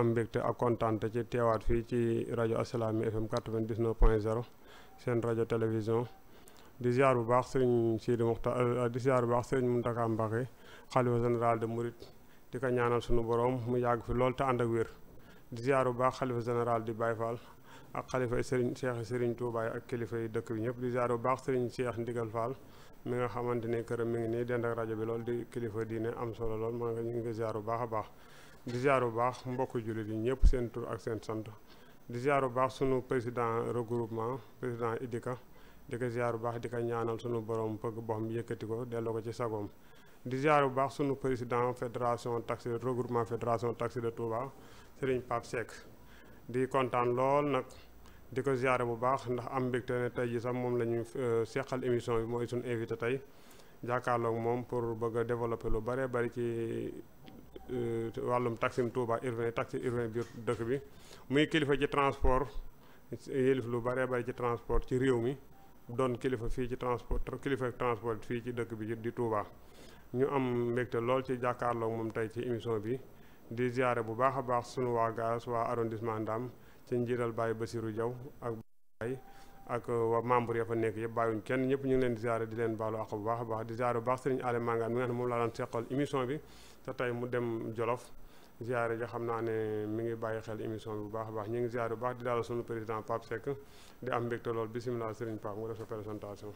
am mbégte ak kontaante ci teewaat fii ci rajo Assalaamy FM 99 point 0 seen rajo télévision di ziar bu baax sëriñ Sidi Muxtaar euh, di ziar baax sëriñ Muntaxa Mbakke xalifa général de Mouride di ka ñaanal sunu borom mu yàgg fi lool te ànd ak wér di ziar bu baax xalifa général di baay Fall ak xalifa sëriñ Cheikh sëriñ Touba ak kilifa yi dëkk bi ñëpp di ziar bu baax sëriñ seex Ndigal Fall mi nga xamante ne këram mi ngi nii dend rajo bi lool di kilifa diine am solo lool maa a baax. di ziar bu baax mbokk jullit yi ñëpp seen tur ak seen sant di ziar bu baax sunu président regroupement président Idika di ko ziar bu baax di ko ñaanal sunu borom pëgg boxam yëkkati ko delloo ko ci sagoom di ziar bu baax sunu président fédération taxi regroupement fédération taxi de Touba Serigne paap Seck di kontaan lool nag di ko ziar bu baax ndax am mbégte ne tey ji sax moom la ñu euh, seqal émission bi mooy sunu invité tey jàkkaarloog moom pour bëgg a lu bare bari ci Euh, wàllum taxim Touba urbain taxi urbain biir dëkk bi muy kilifa ci transport yëlif lu bare bare ci transport ci réew mi doon kilifa fii ci transport kilifa transport fii ci dëkk bi di Touba ñu am mbégte lool ci jàkkaarloog moom tey ci émission bi di ziare bu baax a baax sunu waa gaas waa arrondissement Ndam ci njiital Baye Basirou Diaw ak Baye ak euh, waa membre ya fa nekk yëpp bàyyiwuñ kenn ñëpp ñu ngi leen di ziare di leen baalu àq bu baax a baax di ziare bu baax sëriñ Alé Mangane mi nga émission bi te tey mu dem Jolof ziare ja xam naa ne mu ngi bàyyi xel émission bu baax a baax ñu ngi ziare bu baax di daal suñu président Pape Seck di am mbégte lool bisimilah Serigne Pape nga def sa présentation.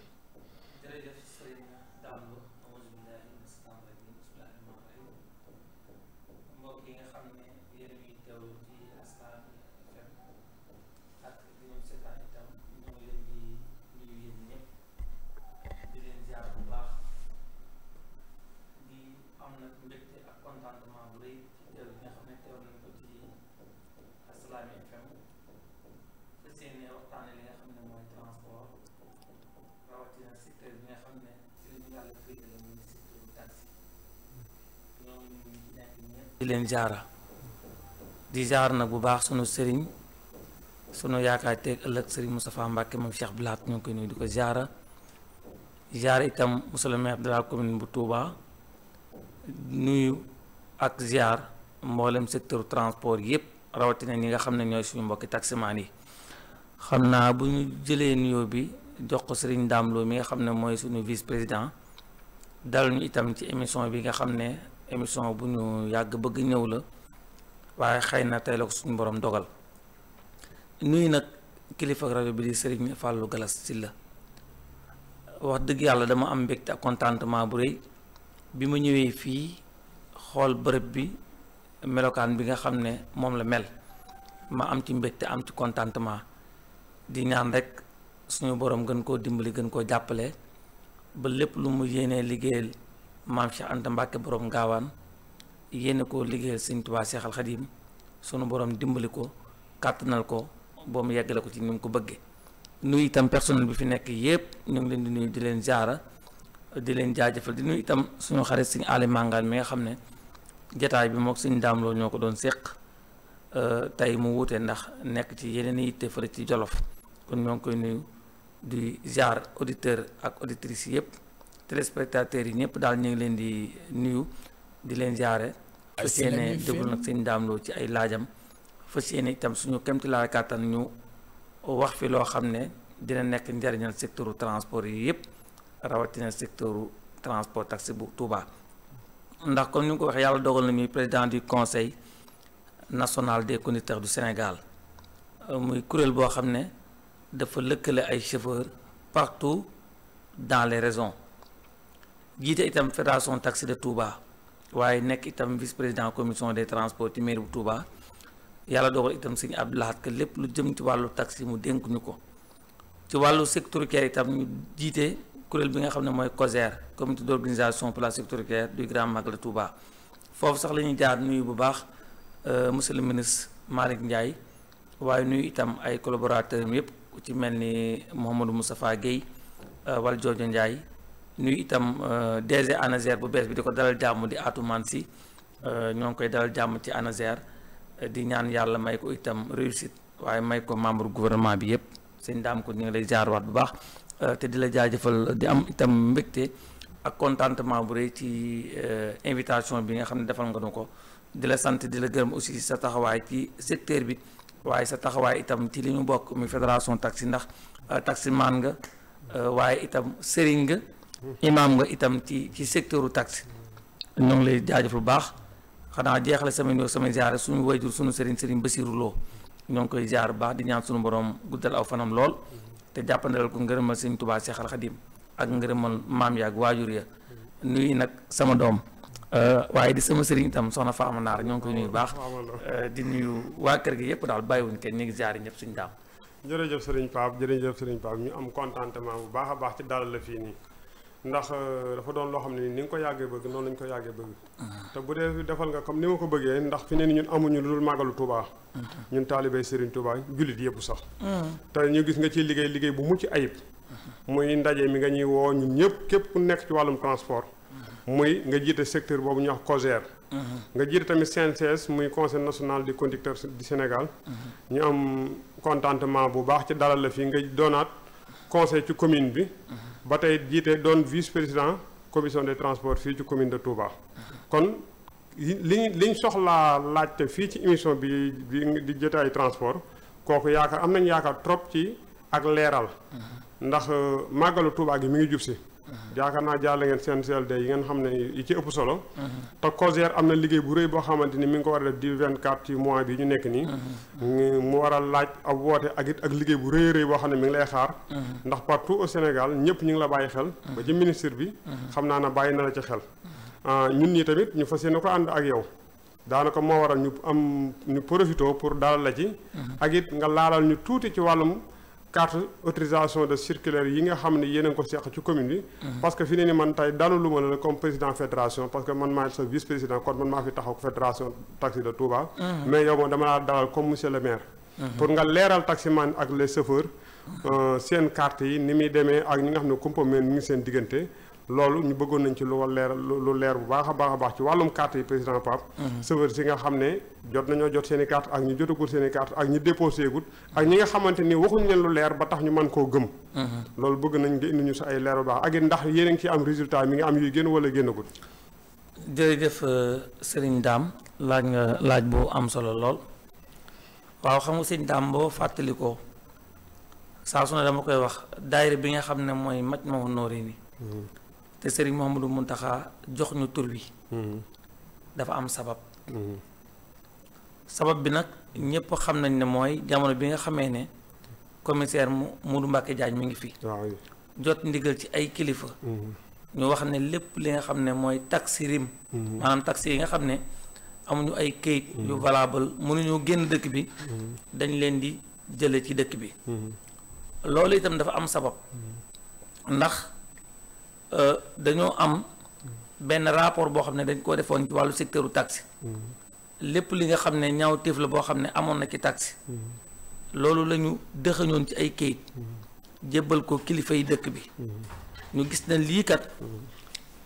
jërëjëf di leen jaara di jaar nag bu baax sunu sëriñ sunu yaakaar teeg ëllëg sëriñ Moustapha Mbacke moom Cheikh Blaat ñu ngi koy nuyu ko jaara jaar itam monsieur le maire de la commune bu Touba nuyu ak ziar mboolem secteur transport yépp rawatina ñi nga xam ne ñooy suñu mbokki taximaan yi xam naa bu ñu jëlee nuyoo bi jox sëriñ Dame Lo mi nga xam ne mooy suñu vice président dal ñu itam ci émission bi nga xam ne émission bu ñu yàgg bëgg ñëw la waaye xëy na tey la ko suñu boroom dogal nuyu nag kilifa rajo bi di Serigne Fallou Galas la wax dëgg yàlla dama am mbégte ak contentement bu rëy bi ma ñëwee fii xool bërëb bi melokaan bi nga xam ne moom la mel ma am ci mbégte am ci contentement di ñaan rek suñu boroom gën koo dimbali gën koo jàppale ba lépp lu mu yéenee liggéeyal maam Cheikh Anta Mbàkke borom gaawaan yéene ko liggéeyal sëñ Tuubaa Seexal Xadiim sunu borom dimbali ko kàttanal ko boo mu yeggale ko ci ni mu ko bëggee nuyu itam personnel bi fi nekk yépp ñu ngi leen di nuyu di leen jaara di leen jaajëfal di nuyu itam suñu xarit sëñ Ali Mangaan mi nga xam ne jataay bi moo sëñ Daam Lo ñoo ko doon séq euh, tey mu wuute ndax nekk ci yeneen yitte fële ci Jolof kon ñoo koy nuyu di jaar auditeur ak auditrice yépp téléspectateurs yi ñëpp daal ñu ngi leen di nuyu di leen jaare fas yéene déglu nag sëñ Dame ci ay laajam fas yéene itam suñu kemtilaay kàttan ñu wax fi loo xam ne dina nekk njariñal secteur transport yi yëpp rawatina secteur transport taxi bu Touba ndax kon ni ko waxee yàlla dogal na muy président du conseil national des conducteurs du Sénégal muy kuréel boo xam ne dafa lëkkale ay chauffeurs partout dans les régions jiite itam fédération taxi de Touba waaye nekk itam vice président commission des transport ci mairie bu Touba yàlla dogal itam sëñ Abdou Lahad Ka lépp lu jëm ci wàllu taxi mu dénk ñu ko ci wàllu sectoriel itam ñu jiite kuréel bi nga xam ne mooy COSER comité d' organisation pour la sécurité du Grand Magal de Touba foofu sax la ñuy jaar nuyu bu baax euh, monsieur le ministre Malick Ndiaye waaye nuyu itam ay collaborateurs yëpp ku ci mel ni Mouhamadou Moustapha Guèye euh, wala Jojo Ndiaye. nuy itam euh, DG ANASER bu bees bi di ko dalal jàmm di Atoumane euh, Sy ñoo ngi koy dalal jàmm ci ANASER euh, di ñaan yàlla may ko itam réussite waaye may ko membre gouvernement bi yépp sëñ daam ko ñu ngi lay jaar waat bu baax te di la jaajëfal di am itam mbëgte ak contentement bu rëy ci invitation bi nga xam ne defal nga nu ko di la sant di la gërëm aussi sa taxawaay ci secteur bi waaye sa taxawaay itam ci li ñu bokk muy fédération taxi ndax maan nga waaye itam nga imaam nga itam ci ci secteur u taxi ñoo ngi lay jaajëf lu baax xanaa jeexale sama nuyoo sama ziare suñu wayjur suñu sëriñ sëriñ Basiru Lo ñoo ngi koy ziar bu baax di ñaan suñu borom guddal aw fanam lool te jàppandalal ko ngërëmal sëriñ Tubaa Seex al Xadim ak ngërëmal maam yaag waajur ya nuyu nag sama doom euh, waaye di sama sëriñ itam soxna Faama Naar ñoo ngi koy nuyu baax euh, di nuyu waa kër gi yëpp daal bàyyiwuñ kenn ñu ngi ziare ñëpp suñu daam jërëjëf sëriñ Pape jërëjëf sëriñ Pape ñu am contentement bu baax a baax ci dalal ndax euh, dafa doon loo xam ne ni nga ko yàggee bëgg noonu lañ ko yàggee bëgg ah. te bu dee defal nga comme ni ma ko bëggee ndax fi ne ni ñun amuñu lu dul màggalu Touba mm-hmm. ñun taalibe Serigne Touba jullit yëpp sax mm. te ñu gis nga ci liggéey liggéey bu mucc ayib mm-hmm. muy ndaje mi nga ñuy woo ñun ñëpp képp ku nekk ci wàllum transport mm-hmm. muy nga jiite secteur boobu ñu wax COGER nga jiite tamit CNCS muy conseil national du conducteur du Sénégal ñu am contentement bu baax ci dalal la fii nga doonaat conseil ci commune bi ba tey jiitee doon vice président commission des transport fii ci commune de Touba kon li liñ soxlaa laajte fii ci émission bi di jotaay transport kooku yaakaar am nañ yaakaar trop ci ak leeral mm-hmm. ndax euh, màggalu Touba gi mi ngi jub si yaakaar naa jaarale ngeen seen CLD yi ngeen xam ne yi ci ëpp solo mhm. te COJER am na liggéey bu rëy boo xamante ni mi ngi ko war a def di vingt quatre ci mois bi ñu nekk nii mhm. mu waral laaj ab woote ak it ak liggéey bu rëy rëy boo xam ne mi ngi lay xaar mhm. ndax partout au Sénégal ñëpp ñu ngi la bàyyi xel ba ci ministre bi xam naa na bàyyi na la ci xel ah, ñun ñi tamit ñu fa fas yéene ko ànd ak yow daanaka moo waral ñu am ñu profité pour dalal la ci ak it nga laalal ñu tuuti ci wàllum carte autorisation de circulaire yi nga xam ne yéen ko seq ci commune bi. Mhm. parce que fi ne ni man tey dalalu ma la comme président fédération parce que man maa sa vice président kon man maa fi taxaw fédération taxi de Touba. Mhm. mais yow moom dama laa dalal comme monsieur le maire. Mhm. pour nga leeral taximan ak les chauffeurs euh, seen carte yi ni muy demee ak ñi nga xam ne kumpa meen ngi seen diggante. loolu ñu bëggoon nañ ci lu leer lu leer bu baax a baax a baax ci wàllum carte yi président Pape sëvër mhm. si nga xam ne jot nañoo jot seen i ak ñu jotagul seeni i carte ak ñu déposé gul ak ñi nga xamante ni waxuñ leen lu leer ba tax ñu mën koo gëm mhm. loolu bëgg nañ nga indi ñu sax ay leer bu baax ak ndax yéen a ngi am résultat mi ngi am yuy génn wala génnagul jërëjëf euh, Serigne daam laaj nga laaj bu am solo lool waaw xam nga Serigne Dame boo fàttalikoo saa su ne dama koy wax daayira bi nga xam ne mooy maj ma noori ni mhm. te Serigne Mouhamadou Mountakha jox ñu tur wi. Mm-hmm. dafa am sabab. Mm-hmm. sabab bi nag ñëpp xam nañ ne mooy jamono bi nga xamee ne commissaire mu Modou Mbacké Diagne mi ngi fi. jot ndigal ci ay kilifa. Mm-hmm. ñu wax ne lépp li nga xam ne mooy taxi rim. maanaam taxi yi nga xam ne amuñu ay kayit yu valable mënuñu génn dëkk bi. dañ leen di jële ci dëkk bi. loolu itam dafa am sabab. ndax Euh, dañoo am benn rapport boo xam ne dañ koo defoon ci wàllu secteur u taxi mm-hmm. lépp li nga xam ne ñaaw téef la boo xam ne amoon na ci taxi mm-hmm. loolu lañu ñu dëxañoon ci ay kayit mm-hmm. jébbal ko kilifa yi dëkk bi ñu gis na lii kat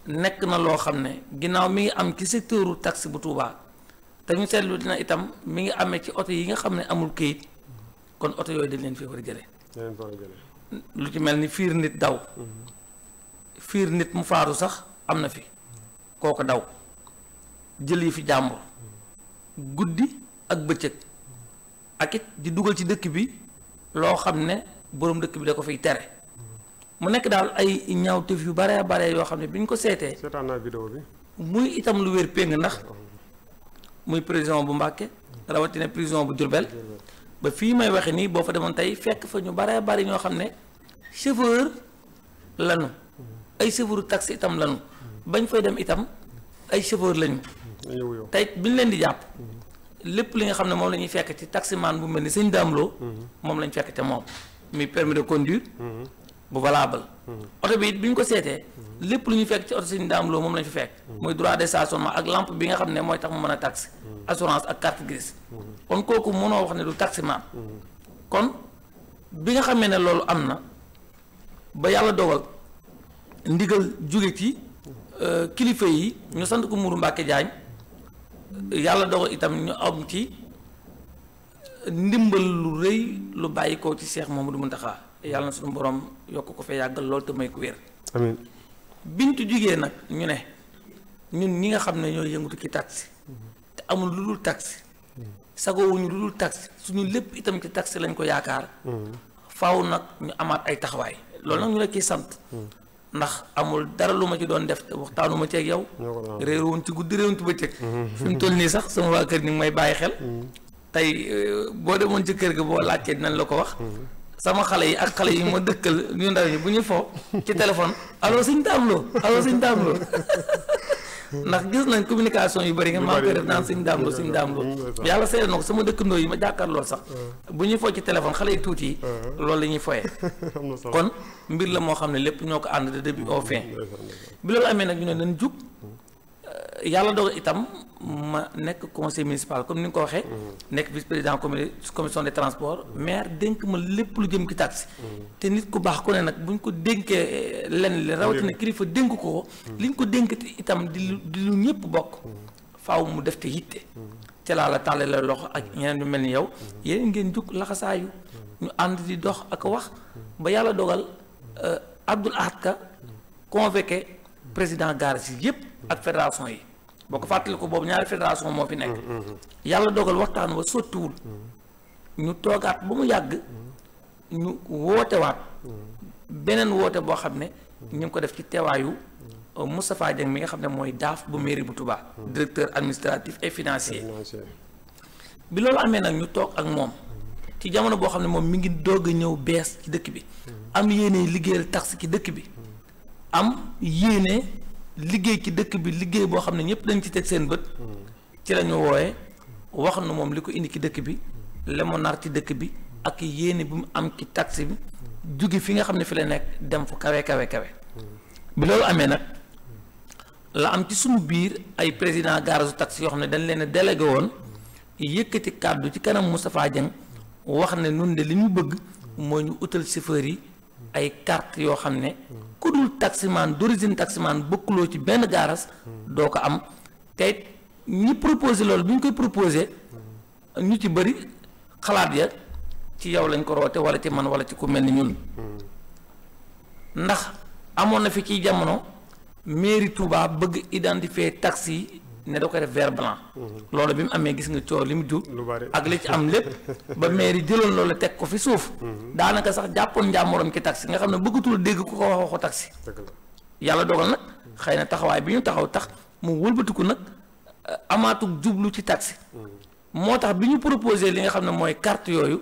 nekk na loo xam ne ginnaaw mi ngi am ci secteuru taxi bu tuubaa te ñu seetlu dina itam mi ngi amee ci oto yi nga xam ne amul kayit kon oto yooyu dañ leen fi war a jëlee lu ci mel ni fiir nit daw fiir nit mu faaru sax am na fi kooku daw jël yi fi jàmbur guddi ak bëccëg ak it di dugal ci dëkk bi loo xam ne boroom dëkk bi da ko fiy tere mu nekk daal ay ñaawteef yu bare bare yoo xam ne bi ñu ko seetee seetaan naa vidéo bi muy itam lu wér péng ndax muy prison bu Mbàkke rawatina prison bu Jurbel ba fii may waxe nii boo fa demoon tey fekk fa ñu bare bare ñoo xam ne chauffeur lanu ay chauffeur taxi itam lañu bañ fay dem itam ay chauffeur lañu tey bi ñu leen di jàpp lépp li nga xam ne moom la ñuy fekk ci taximan bu mel ni sëñ daamloo moom lañ fekk te moom muy permis de conduire bu valable oto bi it bi ñu ko seetee lépp lu ñu fekk ci oto sëñ moom lañ fi fekk muy droit de stationnement ak lampe bi nga xam ne mooy tax mu mën a taxi assurance ak carte grise kon kooku mënoo wax ne du taximan kon bi nga xamee ne loolu am na ba yàlla dogal ndigal jóge ci euh, kilifa yi ñu sant ko Mourou Mbacke Diagne yàlla dogal itam ñu am ci ndimbal lu rëy lu bàyyi koo ci Cheikh Mamadou Mountakha yàlla na suñu borom yokk ko fee yàggal lool te may ko wér. amiin bintu jugee nag ñu ne ñun ñi nga xam ne ñoo yëngatu ki taxi te amul lu dul taxi sagowuñu lu dul taxi suñu lépp itam ci taxi lañ ko yaakaar. Mm-hmm. faw nag ñu amaat ay taxawaay loolu nag ñu la ciy sant. Mm-hmm. ndax amul dara lu ma ci doon def waxtaanu ma ci ak yow. réeroon ci guddi réewoon ba bëccëg. fi mu toll nii sax sama waa kër ni may bàyyi xel. tey euh, boo demoon ci kër gi boo laajtee dinañ la ko wax. sama xale yi ak xale yi ma dëkkal ñu ndaw ñi bu ñu fo ci téléphone allo sëñ Daam Lo allo sëñ ndax gis nañ communication yu bëri nga maa koy def naan suñ dàmbur suñ dàmbur yàlla seede na ko sama dëkkandoo yi ma jàkkaarloo sax uh-huh. bu ñuy foo ci téléphone xale yi tuuti yi uh-huh. loolu la ñuy foyee kon mbir la moo xam ne lépp ñoo ko ànd de début au fin bi loolu amee nag ñu ne nañ jug uh-huh. Euh, yàlla dogal itam ma nekk conseil municipal comme ni nga ko waxee. Mm-hmm. nekk vice président commission des transports. maire dénk ma lépp lu jëm ci taxi. Mm-hmm. te nit ku baax ko ne nag bu ñu ko dénkee lenn li rawatina kilifa dénk ko. Mm-hmm. li ñu ko dénk itam di lu di ñëpp bokk. faw mu def te yitte. ca laa la tàlle la loxo ak ñeneen ñu mel ni yow. yeneen ngeen jug laxasaayu. ñu ànd di dox ak wax. ba yàlla dogal euh, Abdoul Ahad Ka président gares yi yëpp ak fédération yi boo ko fàttaliku boobu ñaari fédération moo fi nekk yàlla dogal waxtaan wa sottiwul ñu toogaat ba mu yàgg ñu wootewaat beneen woote boo xam ne ñu ngi ko def ci teewaayu euh, Moustapha Dieng mi nga xam ne mooy daaf bu mairie bu Touba directeur administratif et financier bi loolu amee nag ñu toog ak moom ci jamono boo xam ne moom mi ngi doog a ñëw bees ci dëkk bi am yéene liggéeyal tax ci dëkk bi am yéene liggéey ci dëkk bi liggéey boo xam ne ñëpp dañ ci teg seen bët ci la ñu wax nu moom li ko indi ci dëkk bi la mu ci dëkk bi ak yéene bi mu am ci taxi bi jóge fi nga xam ne fi la nekk dem fu kawe kawe kawe bi loolu amee nag la am ci suñu biir ay président garasu taxi yoo xam ne dañ leen délégué woon yëkkati kàddu ci kanam Moustapha Dieng wax ne nun de li ñu bëgg mooy ñu utal chauffeur yi ay carte yoo xam ne ku dul dorisine d'origine taximaan bokkuloo ci benn gaaras doo ko am tey ñi proposé loolu bi ñu koy proposé ñu ci bëri xalaat ya ci yow lañ ko roote wala ci man wala ci ku mel ni ñun ndax amoon na fi ciy jamono mairie Touba bëgg identifier taxi ne da ko def vert blanc. Mhm. loolu bi mu amee gis nga coow li mu jur. ak li ci am lépp ba mairie jëloon loolu teg ko fi suuf. Mhm. daanaka sax jàppoon njàmmoram ki taxi nga xam ne bëggatul dégg ko ko wax waxu taxi. yàlla dogal nag xëy na taxawaay bi ñu taxaw tax mu wëlbatiku nag euh, amaatuk jublu ci taxi. Mhm. moo tax bi ñu proposé li nga xam ne mooy carte yooyu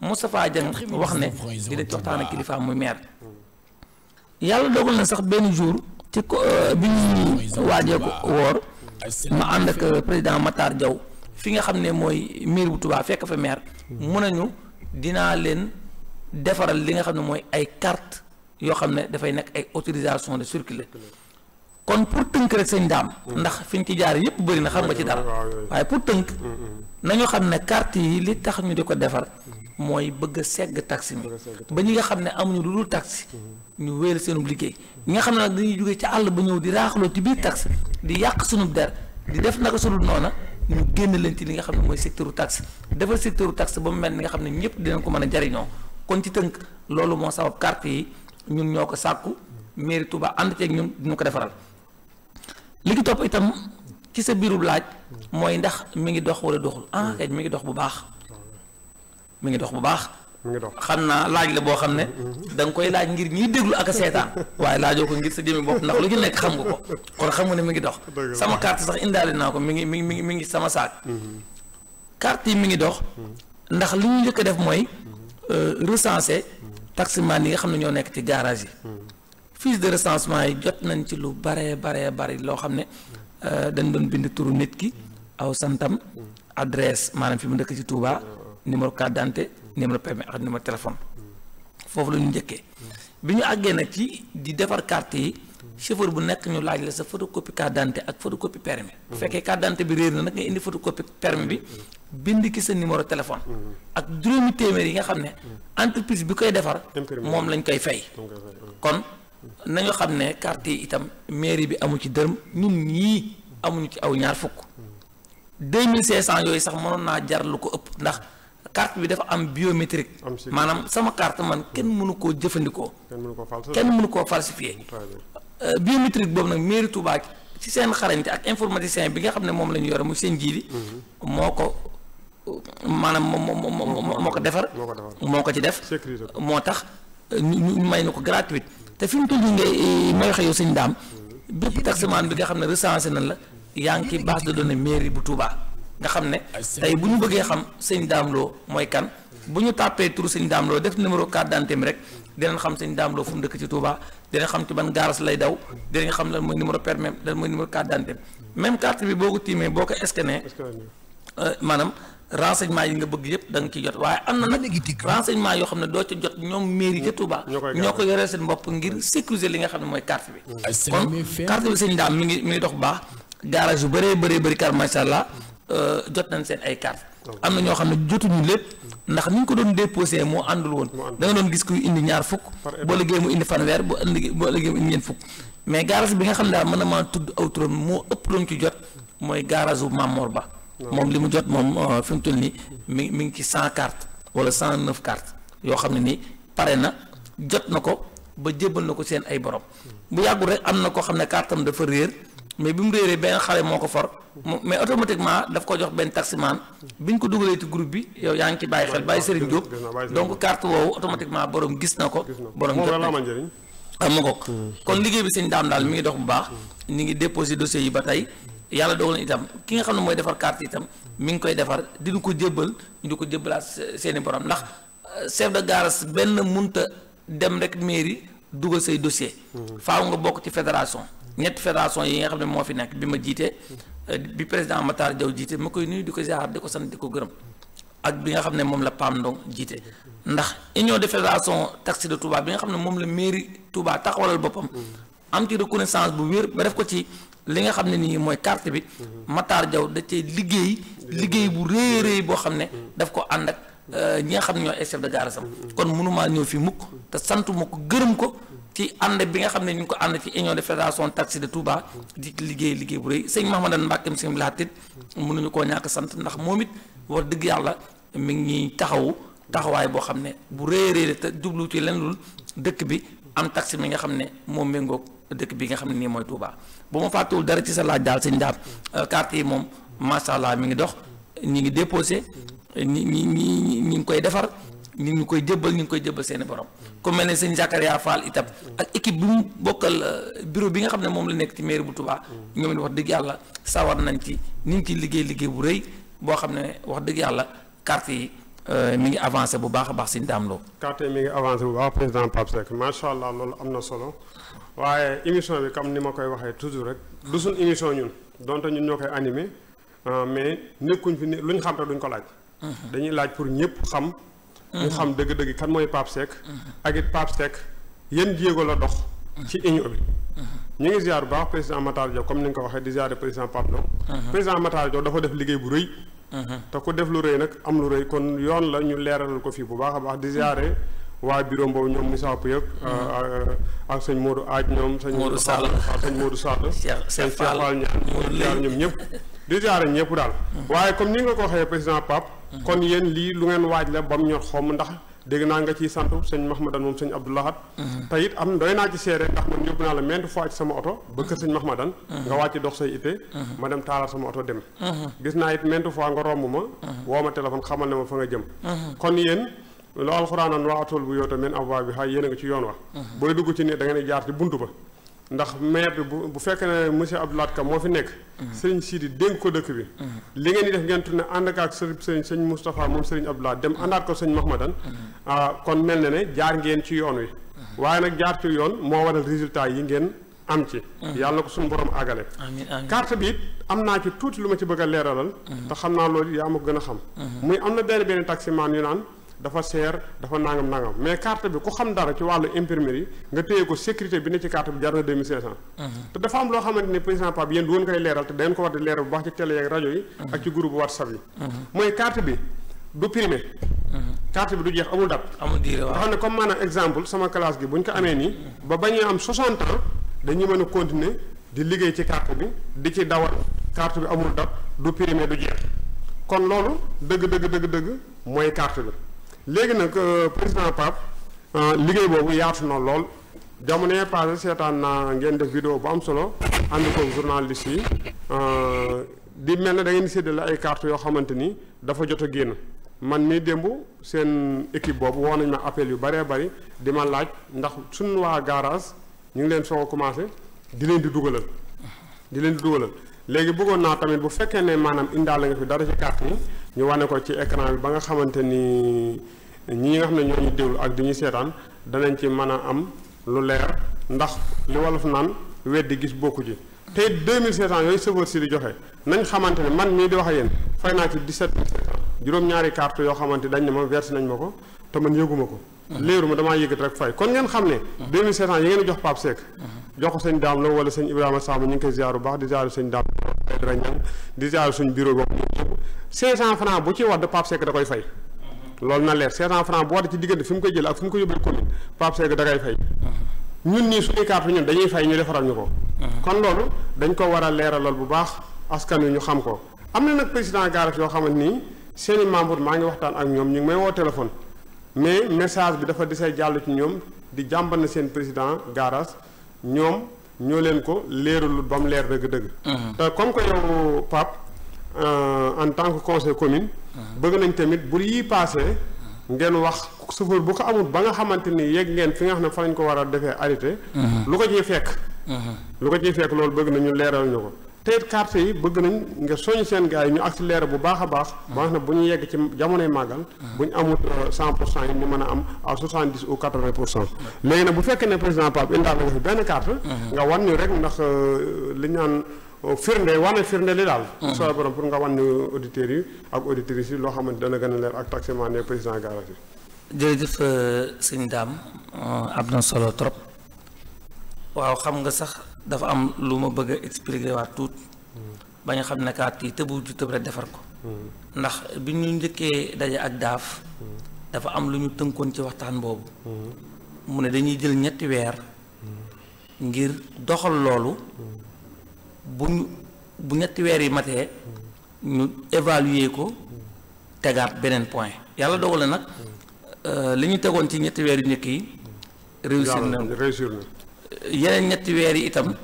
Moustapha Dieng wax ne dina ci waxtaan ak kilifa muy maire. yàlla dogal na sax benn jour ci ko euh, bi ñu waajee ma ànd ak euh, président Matar jaw fi nga xam ne mooy miir bu Touba fekk fa maire na nañu dinaa leen defaral li nga xam ne mooy ay carte yoo xam ne dafay nekk ay autorisation de circuler kon pour tënk rek sëñ daam ndax fi ñu ci jaar yëpp bëri na xam nga ci dara mm-hmm. waaye pour tënk mm-hmm. nañu xam ne carte yi li tax ñu di ko defar mooy bëgg segg taxi mi ba ñi nga xam ne amuñu lu dul taxi mm-hmm. ñu wéyal seenub liggéey nga xam ne nag dañuy jóge ci àll ba ñëw di raaxaloo ci biir taxi di yàq sunub der di def naka sudul noona ñu génn leen ci li nga xam ne mooy secteur u taxi defal secteur u ba mu mel ni nga xam ne ñëpp dinañ ko mën a jariñoo kon ci tënk loolu moo sabab carte yi ñun ñoo ko sàkku mairie Touba ànd ceeg ñun dina ko defaral li ki topp itam ci sa biiru laaj mooy ndax mi ngi dox wala doxul ah kay mi ngi dox bu baax mi ngi dox bu baax. xam naa laaj la boo xam ne da koy laaj ngir ñiy déglu ak a seetaan waaye laajoo ko ngir sa jëmmi bopp ndax lu ci nekk xam nga ko kon xam nga ne mi ngi dox sama carte sax indaale naa ko mi ngi mi ngi mi ngi sama saak mm-hmm. carte yi mi ngi dox ndax li ñu njëkk a def mooy euh, recenser taximan yi nga xam ne ñoo nekk ci garage yi mm-hmm. fiche de recensement yi jot nañ ci lu baree baree bari loo xam ne euh, dañ doon bind turu nit ki aw santam adresse maanaam fi mu dëkk ci Touba numéro carte d'identité numéro permis ak numéro téléphone foofu lañu njëkkee bi ñu àggee nag ci di defar carte yi chauffeur bu nekk ñu laaj la sa photocopie carte d'identité ak photocopie permis bu fekkee carte d'identité bi réer na nag nga indi photocopie permis bi bind ki sa numéro téléphone ak juróomi téeméer yi nga xam ne entreprise bi koy defar moom lañ koy fay nañu xam ne carte yi itam mairie bi amu ci dërëm ñun ñii amuñu ci aw ñaar fukk deux mille cinq cent yooyu sax mënoon naa jar lu ko ëpp ndax carte bi dafa am biométrique maanaam sama carte man kenn mënu koo jëfandikoo kenn mënu koo falsifier euh, biométrique boobu nag mairie Touba ci seen xarañte ak informaticien bi nga xam ne moom la ñu yore muy seen jiili mhm. moo ko maanaam moo moo moo ko defar moo ko ci def moo tax may na ko gratuite te fi mu toll nii ngay eh, may wax yow sëñ daam bépp taximaan bi nga xam ne recensé nañ la yaa ngi ci base de données mairie bu Touba nga xam ne tey bu ñu bëggee xam sëñ daam loo mooy kan bu ñu tàppee turu sëñ daam loo def numéro carte d'identité mi rek dinañ xam sañ daam loo fu mu dëkk ci Touba dinañ xam ci ban gaaras lay daw dinañ xam lan mooy numéro permis lan mooy numéro carte d'identité même carte bi boo ko tiimee boo ko scanné euh, maanaam renseignement yi nga bëgg yëpp da nga ciy jot waaye am na nag renseignement yoo xam ne doo ci jot ñoom mairie ca mm. Touba ñoo ko yoree seen bopp ngir sécuriser li nga xam ne mooy carte bi mm. kon carte bi sëñ daam mi ngi mi ngi dox baax garage yu bëree bëree bëri car macha euh, jot nañ seen ay carte am na ñoo xam ne jotuñu lépp ndax ni ñu ko doon déposé moo àndul woon da nga doon gis kuy indi ñaar fukk boo liggéey mu indi fanweer boo indi boo liggéey mu indi nga xam ne daal mën na maa tudd aw turam moo ëpp doon jot mooy garage bu Mamor Ba moom li mu jot moom euh, fi mu toll nii mi mi ngi ci cent cartes wala cent neuf cartes yoo xam ne nii pare na jot na ko ba jébbal na ko seen ay borom bu yàggul rek am na koo xam ne kartam dafa réer mais mu réeree benn xale moo ko for mais automatiquement daf ko jox benn taximaan bi ñu ko dugalee ci groupe bi yow yaa ngi ci bàyyi xel bàyyi Serigne Diop donc carte woowu automatiquement borom gis na ko borom jot na am ko hmm. kon liggéey bi sëñ daam daal mi ngi dox bu baax ñu ngi déposé dossier yi ba tey yàlla dogal na itam ki nga xam ne mooy defar carte itam mi ngi koy defar dina ko jébbal ñu di ko jébbalaat seeni borom ndax euh, chef de garage benn munta dem rek mairie dugal say dossier mhm. faaw nga bokk ci fédération ñetti fédération yi nga xam ne moo fi nekk bi ma jiite euh, bi président Matar Diaw jiite ma koy nuyu di ko ziar di ko sant di ko gërëm ak bi nga xam ne moom la PAM Ndong jiite ndax union de fédération taxi de Touba bi nga xam ne moom la mairie Touba taxawalal boppam mhm. am ci reconnaissance bu wér ba def ko ci li nga xam ne nii mooy carte bi Matar Diaw da cee liggéey liggéey bu rëy rëy boo xam ne daf ko ànd ak euh, ñi nga xam ne ñooy chef de gare sam kon mënumaa ñëw fi mukk te sant ma ko gërëm ko ci ànd bi nga xam ne ñu ngi ko ànd ci union de fédération taxi de Touba di liggéey liggéey bu rëy sëñ Mahamadan Mbàkkeem sëñ Lahatit mënuñu koo ñàkk sant ndax moom it wax dëgg yàlla mi ngi taxawu taxawaay boo xam ne bu rëy rëy te jublu ci lenn lul dëkk bi am taxi mi nga xam ne moom méngoog dëkk bi nga xam ne nii mooy Touba bu ma fàttuwul dara ci sa laaj daal sëñ daam carte euh, yi moom macha allah mi ngi dox ñi ngi déposé ñi ñi ngi koy defar ñu ngi koy jébbal ñi ngi koy jébbal seeni borom ku mel ne sëñ Zakaria Fall itam ak équipe bi mu bokkal euh, bureau bi nga xam ne moom la nekk ci mairie bu Touba ñoom it wax dëgg yàlla sawar nañ ci ñu ngi ciy liggéey liggéey bu rëy boo xam ne wax dëgg yàlla carte yi euh, mi ngi avancé bu baax a baax sëñ daam loo carte yi mi ngi président Pape macha allah loolu am na solo. waaye émission bi comme ni ma koy waxee toujours rek du suñ émission ñun donte ñun ñoo koy animé ah, mais nekkuñ fi ne luñ xam te duñ ko laaj. Mhm. dañuy laaj pour ñëpp xam. ñu mhm. xam dëgg-dëgg kan mooy Pape Seck. Mhm. ak it Pape Seck yéen jéego la dox. ci union bi. ñu ngi ziar bu baax président Matar Diop comme ni nga ko waxee di ziare président Pape Ndong. président Matar Diop dafa def liggéey bu rëy. te ku def lu rëy nag am lu rëy kon yoon la ñu leeralal ko fii bu baax a baax di waa bureau boobu ñoom Moussa Pouye mm-hmm. euh, euh, ak sëñ Modou Aaj ñoom sëñ Modou Sall sëñ Modou Sall sëñ Cheikh Fall ñaan ñoom ñëpp di jaare ñëpp daal mm-hmm. waaye comme ni nga ko waxee président Pape mm-hmm. kon yéen lii lu ngeen waaj la ba mu ñor xomm ndax dégg naa nga ciy sant sëñ Mahmadan moom sëñ Abdoulahat te it am doy naa ci seere ndax man yóbbu naa la maintes fois ci sama oto ba kër sëñ Mahmadan nga wàcc dox say ite ma dem taalal sama oto dem gis naa it maintes fois nga romb ma woo ma téléphone xamal ne ma lu alxuraanan waatul bu yow tamit ab waa bi xay yéen nga ci yoon wa uh-huh. booy dugg ci nit da nga ne jaar ci bunt ba ndax maire bi bu bu fekkee ne monsieur Abdou Lahad Ka moo fi nekk uh-huh. sëriñ Sidi dénk ko dëkk bi uh-huh. li ngeen di def ngeen tourné ànd ak sëriñ sëñ Moustapha moom sëriñ Abdou Lahad dem àndaat ko sëñ Mahmadan ah, kon mel na ne jaar ngeen ci yoon wi waaye nag jaar ci yoon moo waral résultat yi ngeen am ci yàlla na ko suñu borom àggale carte bi it am naa ci tuuti lu ma ci bëgg a leeralal te xam naa loolu yaa ma gën a xam muy am na benn benn taximaan yu naan dafa seer dafa nangam nangam mais carte bi ku xam dara ci wàllu imprimerie nga téye ko sécurité bi ne ci carte bi jar na 2500. Mhm. te dafa am loo xamante ni président Pape yéen du woon koy leeral te dañ ko war di leeral bu baax ci télé yeeg rajo yi. Mhm. ak ci groupe WhatsApp yi. Mhm. mooy carte bi du primé. carte bi du jeex amul date. amul diir waaw ne comme maanaam exemple sama classe gi bu ñu ko amee nii. ba bañuy am 60 ans dañuy mën a continuer di liggéey ci carte bi di ci dawal carte bi amul date du primé du jeex kon loolu dëgg dëgg dëgg mooy carte bi. léegi nag euh, président Pape euh, liggéey boobu yaatu na lool jamono yee seetaan naa ngeen def vidéo bu am solo ànd ko journaliste yi euh, di mel ne da ngeen séddale ay carte yoo xamante ni dafa jot a génn man mii démb seen équipe boobu woo nañ ma appel yu baree bari di ma laaj ndax suñu waa garage ñu ngi leen soo a commencé di leen di dugalal di leen di dugalal léegi bëggoon naa tamit bu fekkee ne maanaam indaale nga fi dara ci carte yi ñu wane ko ci écran bi ba nga xamante ni ñi nga xam ne ñoo ñu déglu ak di ñu seetaan danañ ci mën a am lu leer ndax li wolof naan weddi gis bokku ji tey 2700 yooyu chauffeur si di joxe nañ xamante ne man mii di wax ak yéen fay naa ci 17500 juróom-ñaari carte yoo xamante dañ ne ma versé nañ ma ko te man yëguma ko. léeru ma damaa yëgat rek fay kon ngeen xam ne 2700 yi ngeen jox Pape Seck jox ko sëñ daam la wala sëñ Ibrahima Samb ñu ngi koy ziaru baax di ziaru sëñ daam di ziaru suñ bureau boobu 500 francs bu ci wadd Pape Seck da koy fay loolu na leer 500 francs bu wadd ci diggante fi mu koy jël ak fi mu koy yóbbul commune Pape Seck da koy fay ñun nii suñuy carte ñun dañuy fay ñu defaral ñu ko kon loolu dañ ko war a leeral lool bu baax askan wi ñu xam ko am na nag président garage yoo xamante nii seen i membre maa ngi waxtaan ak ñoom ñu ngi may woo téléphone mais message bi dafa desee jàll ci ñoom di jàmbat na seen président garage ñoom ñoo leen ko leeralul ba mu leer dëgg-dëgg uh-huh. Euh, en tant que conseil commune. bëgg nañ tamit bu yii paasee. ngeen wax chauffeur bu ko amul ba nga xamante ni yegg ngeen fi nga xam ne fa lañ ko war a defee arrêté. Uh-huh. lu ko ciy fekk. Uh-huh. lu ko ciy fekk loolu bëgg nañu leeral ñu ko. tey carte yi bëgg nañ nga soññ seen gars yi ñu accéléré bu baax a baax. ba nga xam ne bu ñu yegg ci jamonoy màggal. Uh-huh. bu ñu amul 100 euh, pour cent yi ñu mën a am à 70 ou 80 pour cent. léegi nag bu fekkee ne président Pape indaale benn carte. nga euh, li ñu Oh, firnde wane firnde li daal hmm. soo borom pour nga wan auditeurs yi ak auditrices yi loo xamante dana gën a leer ak taximan ne président garage yi jërëjëf euh, sëñ Dame euh, am na solo trop waaw xam nga sax dafa am lu ma bëgg a expliquer waat tuut hmm. ba ñu xam ne kaat yi tëbu ju tëb rek defar ko hmm. ndax bi ñu njëkkee daje ak daaf dafa am lu ñu tënkoon ci waxtaan boobu mu ne dañuy jël ñetti weer ngir doxal loolu bu ñu bu ñetti weer yi matee ñu évaluer ko tegaat beneen point yàlla dogal na nag euh, li ñu tegoon ci ñetti weer yu njëkk yi réussir na yeneen ñetti weer yi itam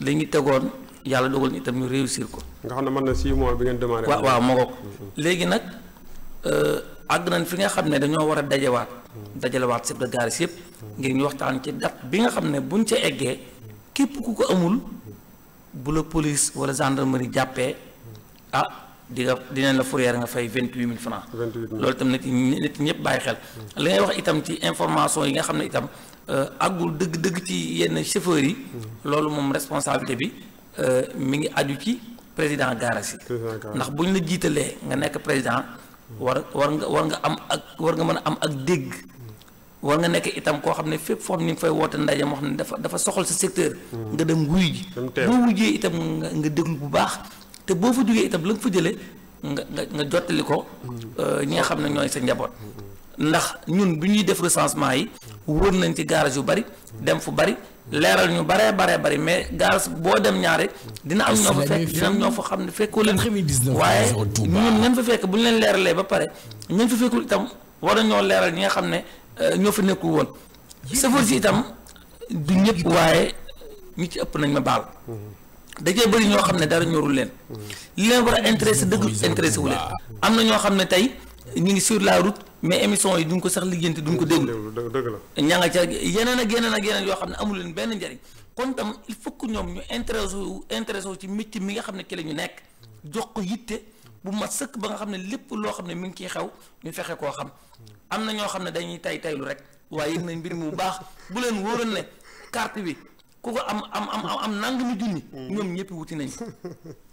li ñu tegoon yàlla dogal na itam ñu réussir ko nga xam ne mën na six mois bi ngeen demandé waaw waaw moo ko léegi nag euh, àgg nañ fi nga xam ne dañoo war a dajewaat dajalewaat chef de gare yëpp ngir ñu waxtaan ci date bi nga xam ne buñ ca eggee képp ku ko amul bu la police wala gendarmerie jàppee ah di nga dinañ la fourrière nga fay vingt huit mille francs loolu itam nit nit ñëpp bàyyi xel hmm. li ngay wax itam ci information yi nga xam ne itam euh, àggul dëgg-dëgg ci yenn chauffeurs yi hmm. loolu moom responsabilité bi euh, mi ngi aju ci président garage ndax bu ñu la jiitalee nga nekk président hmm. war war nga war nga am ak war nga mën a am ak dégg war nga nekk itam koo xam ne fépp foo xam ni nga fay woote ndaje moo xam ne dafa dafa soxal sa secteur. Hmm. nga dem wuy ji. boo wujjee itam nga déglu bu baax te boo fa jógee itam la nga fa jëlee nga nga nga jottali ko. Hmm. Euh, ñi nga xam ne ñooy sa njaboot. ndax ñun bu ñuy def recensement yi. wóor nañ ci garage yu bari. dem fu bari. leeral ñu baree baree bari mais garage boo dem ñaare. dina am ñoo fa fekk dina am ñoo xam ne fekkoo leen. waaye ñun ñan fa fekk bu ñu leen leeralee ba pare ñan fa fekkul itam war nañoo leeral ñi nga xam ne Euh, ñoo fa nekkul woon safar si itam du ñëpp waaye ñi ci ëpp nañ ma baal mm-hmm. da bari ñoo xam ne dara ñorul leen mm-hmm. li leen war a intéressé dëgg intéressé wu leen am na ñoo xam ne tey ñu ngi sur la route mais émission yi duñ ko sax liggéeyante duñ ko déglu ña nga ca yeneen ak yeneen ak yeneen yoo xam ne amul leen benn njariñ kon tam il faut ñoom ñu intéressé wu intéressé wu ci métier mi nga xam ne ci la ñu nekk jox ko yitte bu ma sëkk ba nga xam ne lépp loo xam ne mi ngi ciy xew ñu fexe koo xam am na ñoo xam ne dañuy tay taylu rek waaye yëg nañ mbir mi bu baax bu leen wóoroon ne carte bi ku ko am am am am nangami junni mm. ñoom ñëpp wuti nañ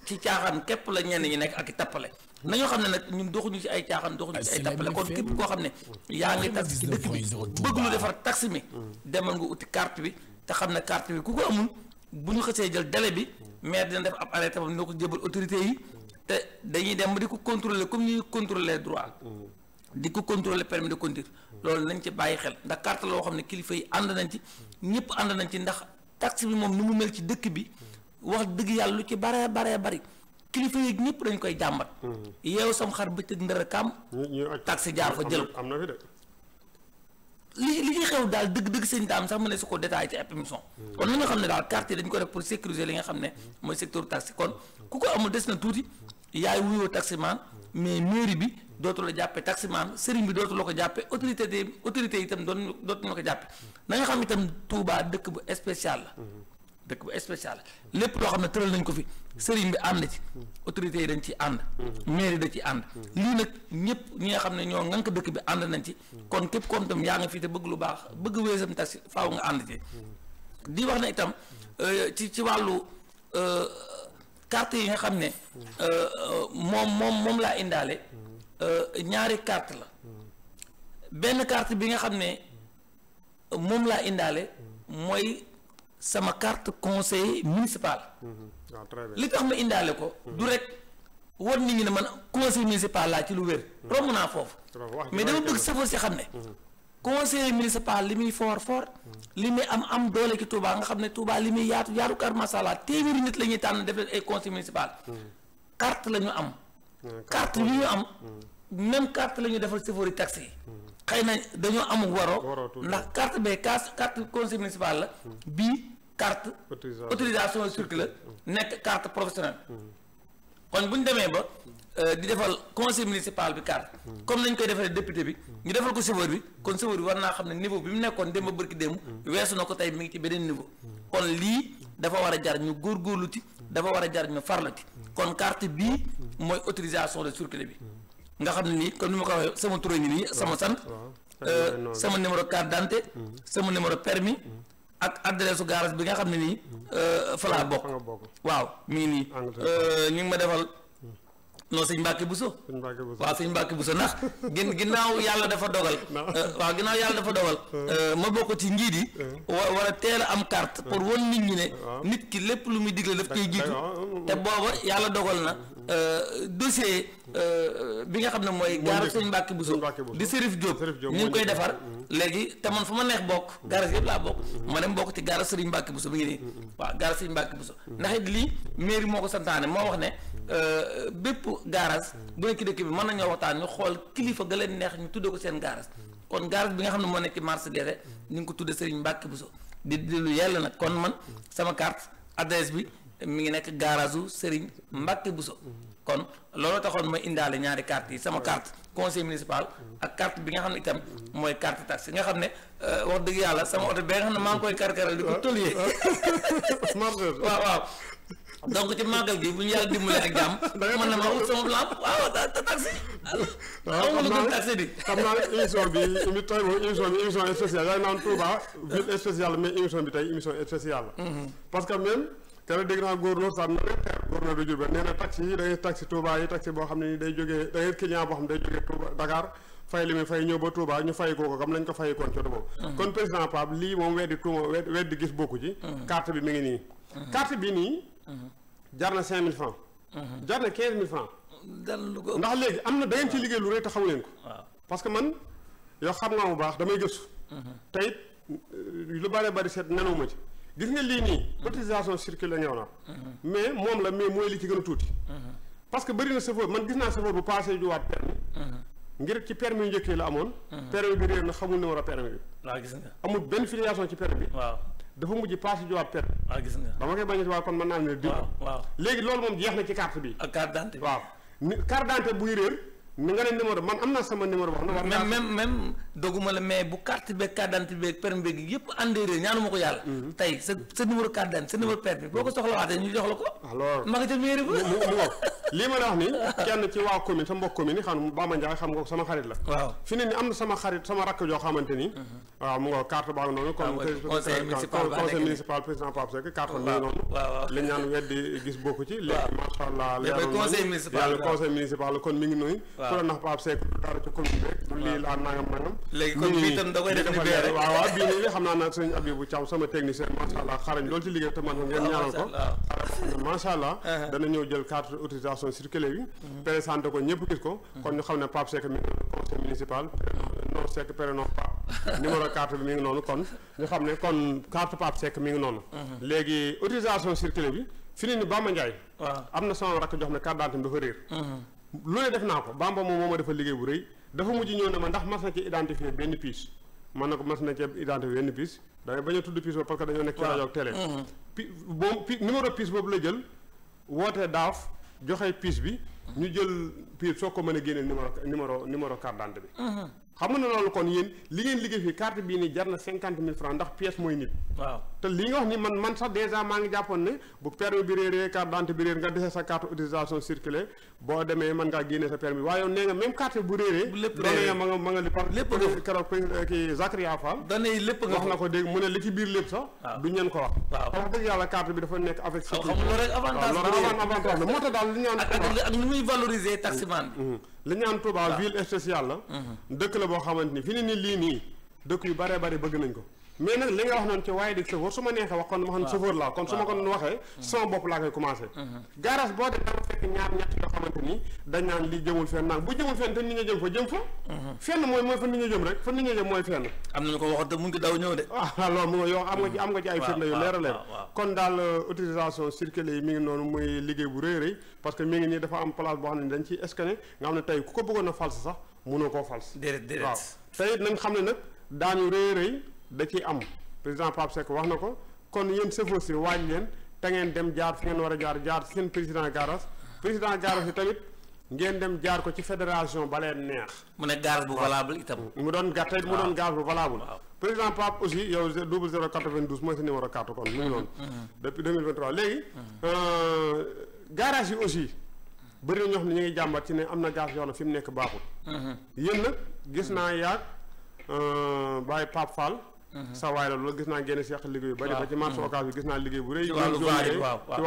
ci caaxaan képp la ñenn ñi nekk ak tappale nañoo xam ne nag ñun doxuñu ci ay caaxaan doxuñu ci ay tappale kon képp koo xam ne yaa ngi tax ci dëkk bi bëgg lu defar taxi mi mm. demal nga uti carte bi te xam ne carte bi ku ko amul bu ñu xësee jël délai bi mm. mais dina def ab arrêté bam dina ko jébal autorité yi te dañuy dem di ko contrôler comme ñuy contrôler droit di ko contrôler permis de loolu nañ ci bàyyi xel ndax carte loo xam ne kilifa yi ànd nañ ci ñëpp ànd nañ ci ndax taxe bi moom nu mu mel ci dëkk bi wax dëgg yàlla lu ci baree baree bari kilifa yi ñëpp dañ koy jàmbat mm-hmm. yeew sam xar bëccëg ndër kaam taxe jaar fa jël am na fi de li li ñuy xew daal dëgg dëgg seen daam sax mu ne su ko détaillé ci ab émission mm-hmm. kon na nga xam ne daal carte yi dañ ko def pour sécuriser li nga xam ne mooy secteur taxi kon ku ko amul des na tuuti yaay wuyoo taximan mais mairie bi dootu la jàppe taximan sëriñ bi dootu la ko jàppee autorité de autorité itam doon dootu la ko jàppe na nga xam itam Touba dëkk bu spécial la dëkk bu spécial lépp loo xam ne tëral nañ ko fi sëriñ bi ànd ci autorités yi dañ ci ànd mairie da ci ànd lii nag ñëpp ñi nga xam ne ñoo ngànk dëkk bi ànd nañ ci kon képp koom itam yaa nga fii te bëgg lu baax bëgg weesam taxi faaw nga ànd ci di wax na itam euh, ci ci wàllu euh, carte yi nga xam ne euh, moom moom moom laa indaale euh, ñaari carte la benn carte bi nga xam ne moom laa indaale mooy sama carte conseiller municipal mm-hmm. ah, li tax ma indaale ko du mm-hmm. rek war nit ñi ne man conseil municipal laa ci lu wér mm-hmm. romb naa foofu mais dama bëgg safar si xam ne conseiller municipal li muy fort fort li muy am am doole ki Touba nga xam ne Touba li muy yaatu yaatu kar masala téeméeri nit la ñuy tànn def leen ay conseil municipal hmm. carte la am hmm, carte bi ñu am hmm. même carte la ñu defal sofëeri taxi yi xay na dañoo am waroo ndax carte bee carte conseil municipal la bii carte autorisation circulaire nekk carte professionnelle kon bu ñu demee ba Euh, di defal conseil municipal bi carte comme nañ koy defalee député bi ñu defal ko chauffeur bi kon chauffeur bi war naa xam ne niveau bi mu nekkoon démb bërki démb weesu na ko tey mu ngi ci beneen niveau kon lii dafa war a jar ñu góor ci dafa war a jar ñu farlu ci kon carte bii mooy autorisation de circuler bi nga xam ne nii comme ni ma ko waxee sama tur ngi nii sama sant euh, mm-hmm. sama numéro carte d'identité sama numéro permis ak adresse garage bi nga xam ne nii mm-hmm. euh, fa laa bokk waaw ngi ma defal non sëñ Mbacke Bousso. sëñ Mbacke Bousso waaw sëñ Mbacke Bousso ndax gin ginnaaw yàlla dafa dogal. Euh, waa ginnaaw yàlla dafa dogal. Euh. Euh, ma bokk ci njiit yi. wa war teel am kart pour won nit ñi ne. nit ki lépp lu muy digle daf koy jiitu. te booba yàlla dogal na. Mm-hmm. dossier bi nga xam ne mooy. gaara sëñ Mbacke Bousso di Serif Diop. ni ngi koy defar. Mm-hmm. léegi te man fu ma neex bokk. Mm-hmm. gaara yëpp laa bokk. ma dem bokk ci gaara Serigne Mbacke Bousso mu ngi nii. waaw gaara Serigne Mbacke Bousso. ndax it lii mairie moo wax ne Euh, bépp garage bu nekk dëkk bi mën nañoo waxtaan ñu xool kilifa ga leen neex ñu tuddee ko seen garage kon garage bi nga xam ne moo nekk marché Guédé ñu ngi ko tuddee Serigne Mbacke Bousso di di lu yàlla nag kon man sama carte adresse bi mi ngi nekk garage u Serigne Mbacke Bousso kon looloo taxoon mooy indaale ñaari carte yi sama carte conseil municipal ak carte bi nga xam ne itam mooy carte taxi nga xam ne euh, wax dëgg yàlla sama oto bee nga xam ne maa ngi koy karkaral di ko toliyee waaw waaw donc ci màggal gi bu ñu yàlla dimbalee ak jàmm. da ngay na ma wut sama lamp waaw ta taxi. waaw xam naa taxi di. xam naa bi mi tey moom émission bi émission spéciale yaay naan bi tey émission spéciale la. Mm-hmm. parce que même keroog dégg naa góor loolu sax na rek góor du jur ba nee na yi da ngay boo xam ne day jógee da ngay client boo xam ne day jógee Touba Dakar. fay li fay ñëw ba Touba ñu fay ko kam lañ ko fay koon coono boobu. Mm-hmm. kon président Pape lii moom weddi tuuma weddi gis bokku ci. Mm-hmm. carte bi mi ngi nii. carte bi nii. jar na cinq mille francs mhm. jar na quinze mille francs ndax léegi am na da ci liggéey lu rëy te xamu leen ko parce que man yoo xam naa mu baax damay gëstu mhm. te it euh, lu bëree bëri seet nenu ma ci gis nga lii nii mhm. cotisation circulaire ñëw na mais moom la mais mooy li ci gën a tuuti parce que bëri na chauffeur man gis naa chauffeur bu passé juwaat permis ngir ci permis yu njëkkee la amoon permis bi réer na xamul numéro permis bi waaw gis nga amul benn filiation ci permis bi waaw dafa mujj passe jowaab per waaw gis nga ba ma koy bañ waaw kon mën naa ne diw waaw léegi loolu moom jeex na ci carte bi ak carte d'identité waaw carte d'identité buy réer mi nga ne numéro man am naa sama numéro boo xam ne. même même la mais bu carte beeg carte d'identité beeg permis beeg yëpp àndee réer ñaanu ma ko yàlla. Mhm. tey sa sa numéro sa numéro permis boo ko soxlawaatee ñu jox la ko. alors ma nga ca mairie ba. lii ma la wax nii kenn ci waa commune sa mbokk commune xam nga sama xarit la. sama xarit sama rakk joo xamante ni. Mhm. waaw mu nga carte baa noonu. comme ah, conseil municipal président Pape Seck carte baa noonu. waaw ñaan weddi gis bokku ci. waaw léegi allah. conseil la kon mi waaw ku la nax Pape Seck du dara ci léegi kon fii itam da koy def naa nag sëñ Abibou sama technicien macha allah xarañ ci liggéey te man macha allah uh-huh. dana ñëw jël carte autorisation circulée bi. Mm-hmm. présenté ko ñëpp gis ko. Mm-hmm. kon ñu ne Pape Seck mi conseil municipal. non Seck prénom Pape. bi mi ngi noonu kon ñu xam ne kon carte Pape Seck mi ngi noonu. Mm-hmm. léegi autorisation circulée bi. fi ni baa Bamba Ndiaye. am na sama rakk jox ne carte d'identité réer lu ne def naa ko bamba moom moo ma dafa liggéey bu rëy dafa mujj ñëw ne ma ndax mas na ci identifier benn piis man na ko mas na ci identifier benn piis damay bañ a tudd piis boobu parce que dañoo nekk ci mm-hmm. pi boobu la jël wootee daaf joxe piis bi ñu jël piis soo ko mën a génneel numéro numéro numéro carte d'identité bi mm-hmm. xam nga ne loolu kon yéen li ngeen liggéey fii carte bii nii jar na cinquante mille francs ndax pièce mooy nit. waaw te li nga wax ni man man sax dèjà maa ngi jàppoon ne bu permis bi réeree carte d'identité bi réer nga dese sa carte autorisation circuler boo demee mën ngaa génnee sa permis waaye nee nga même carte bu réeree. bu lépp réeree ma nga ma nga li par. lépp nga keroog euh, kii Zakaria Fall. lépp nga wax na ko dégg mu ne li ci biir lépp sax. waaw du ñeen ko wax. waaw wax dëgg yàlla carte bi dafa nekk avec. xam nga loolu li ñu am Touba ville spéciale la. Mhm. dëkk la boo xamante ni fi ne ni lii nii dëkk yu baree bari bëgg nañ ko. mais nag li nga wax noonu ci waaye di chauffeur su ma neexee wax kon ma xam ne chauffeur laa kon su ma ko mm-hmm. noonu mm-hmm. ni dañ naan li mm-hmm. rek fa mooy fenn ah, ah, waaw a leer kon daal euh, autorisation circuler mi ngi noonu muy liggéey bu rëy rëy parce que mi ngi nii dafa tey ku a false sax mënoo koo false déedéet déedéet waaw tey nañ xam ne nag daañu rëy rëy da ciy am président Pape Seck wax na ko kon yéen chauffeur si waaj leen te ngeen dem jaar fi ngeen war a jaar jaar seen président garage président garage yi tamit ngeen dem jaar ko ci fédération ba leen neex. mu ne garage bu valable itam. mu doon gàtt mu doon garage bu valable. président Pape aussi yow double zero mooy sa numéro carte kon. mu ngi noonu. Mm-hmm. Mm-hmm. depuis deux mille vingt-trois léegi. Mm-hmm. Euh, garage yi aussi. bëri na ñoo xam ne ñu ngi jàmbat ci ne am na garage yoo xam mu nekk baaxul. yéen nag gis naa yaag euh, Baye Pape Uh-huh. sa waay la loolu gis naa génn si liggéey yu bari ba ci marché occasion gis naa liggéey bu rëy ci wàllum vaar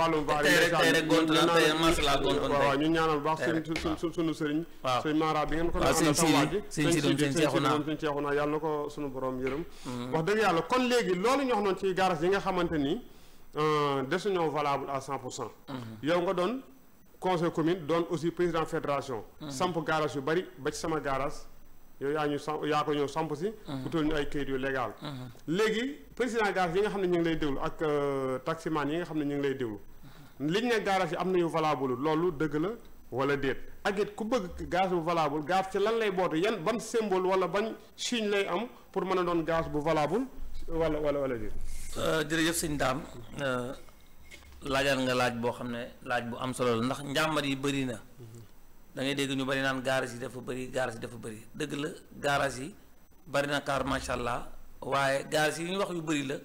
waaw ñu ñaanal baax suñu suñu sëriñ sëriñ Mara bi ngeen ko doon seen si doon seen ceexu naa seen ceexu naa yàlla na ko suñu borom yërëm mm-hmm. wax dëgg yàlla kon léegi loolu ñu wax noonu ci garage yi nga xamante ni euh, desuñoo valable à cent pour cent mm-hmm. yow nga doon conseil commune doon aussi président fédération mm-hmm. samp garage yu bari ba ci sama garage yow yaa ñu samp yaa ko ñëw samp si. Uh-huh. utal ñu ay kayit yu légal. Uh-huh. léegi président garage yi nga xam ne ñu ngi lay déglu ak euh, taximan yi nga xam ne ñu ngi lay déglu. Uh-huh. liñ ne garage yi am na yu valable loolu dëgg la wala déet ak ku bëgg gaz bu valable gaz ci lan lay bootu yan ban symbole wala ban signe lay am pour mën a doon gaz bu valable wala wala wala déet. Uh, jërëjëf sëñ Dame uh, laajal nga laaj boo xam ne laaj bu am solo la ndax njàmbar yi bëri na. da dégg ñu bari naan garage yi dafa bëri garage yi dafa bëri dëgg la garage yi bari na kaar macha allah waaye garage yi ñu wax yu bëri la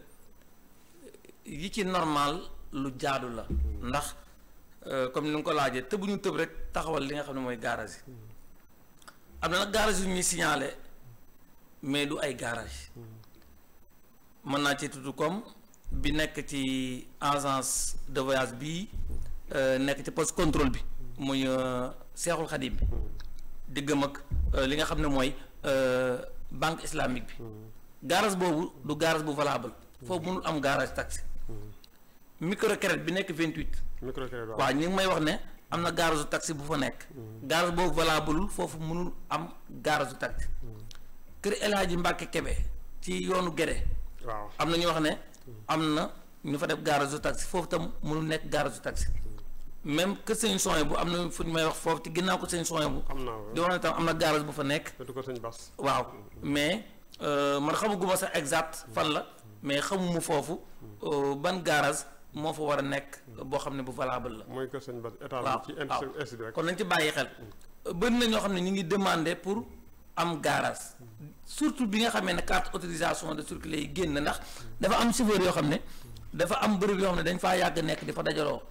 yi ci normal lu jaadu la ndax euh, comme ni nga ko laajee te bu ñu tëb rek taxawal li nga xam ne mooy garage yi am na nag garage yu ñuy signalé mais du ay garage mën naa ci tudd comme bi nekk ci agence de voyage bii euh, nekk ci poste contrôle bi muy euh, seexul xadim bi diggam ak euh, li nga xam ne mooy euh, banque islamique bi mm. garage boobu du garage bu valable mm. foofu mënul am garage taxi mm. microcrédit bi nekk vingt huit waaw ñi ngi may wax ne am na garage taxi bu fa nekk garage boobu valable foofu mënul am garage taxi kër El Hadji Mbacke ci yoonu Guédé waaw am na ñu wax ne am na ñu fa def garage taxi foofu tam mënul nekk garage taxi même que sëñ Sonia bu am na fu ñu may wax foofu te ginnaaw ko sëñ Sonia bu. am naa di wax ne tam am na garage bu fa nekk. ko sëñ Bass. waaw mm-hmm. mais euh, man xamaguma sax exact fan la mm-hmm. mais xamumu foofu mm-hmm. euh, ban garage moo fa war a nekk boo xam ne bu valable la. mooy que sëñ Bass état la ci insi rek kon nañ ci bàyyi xel. bëri na ñoo xam ne ñu ngi demander pour am garage surtout bi nga xamee ne carte autorisation de circuler yi génn ndax dafa am chauffeur yoo xam ne dafa am bërëb yoo xam ne dañ faa yàgg nekk di fa dajaloo.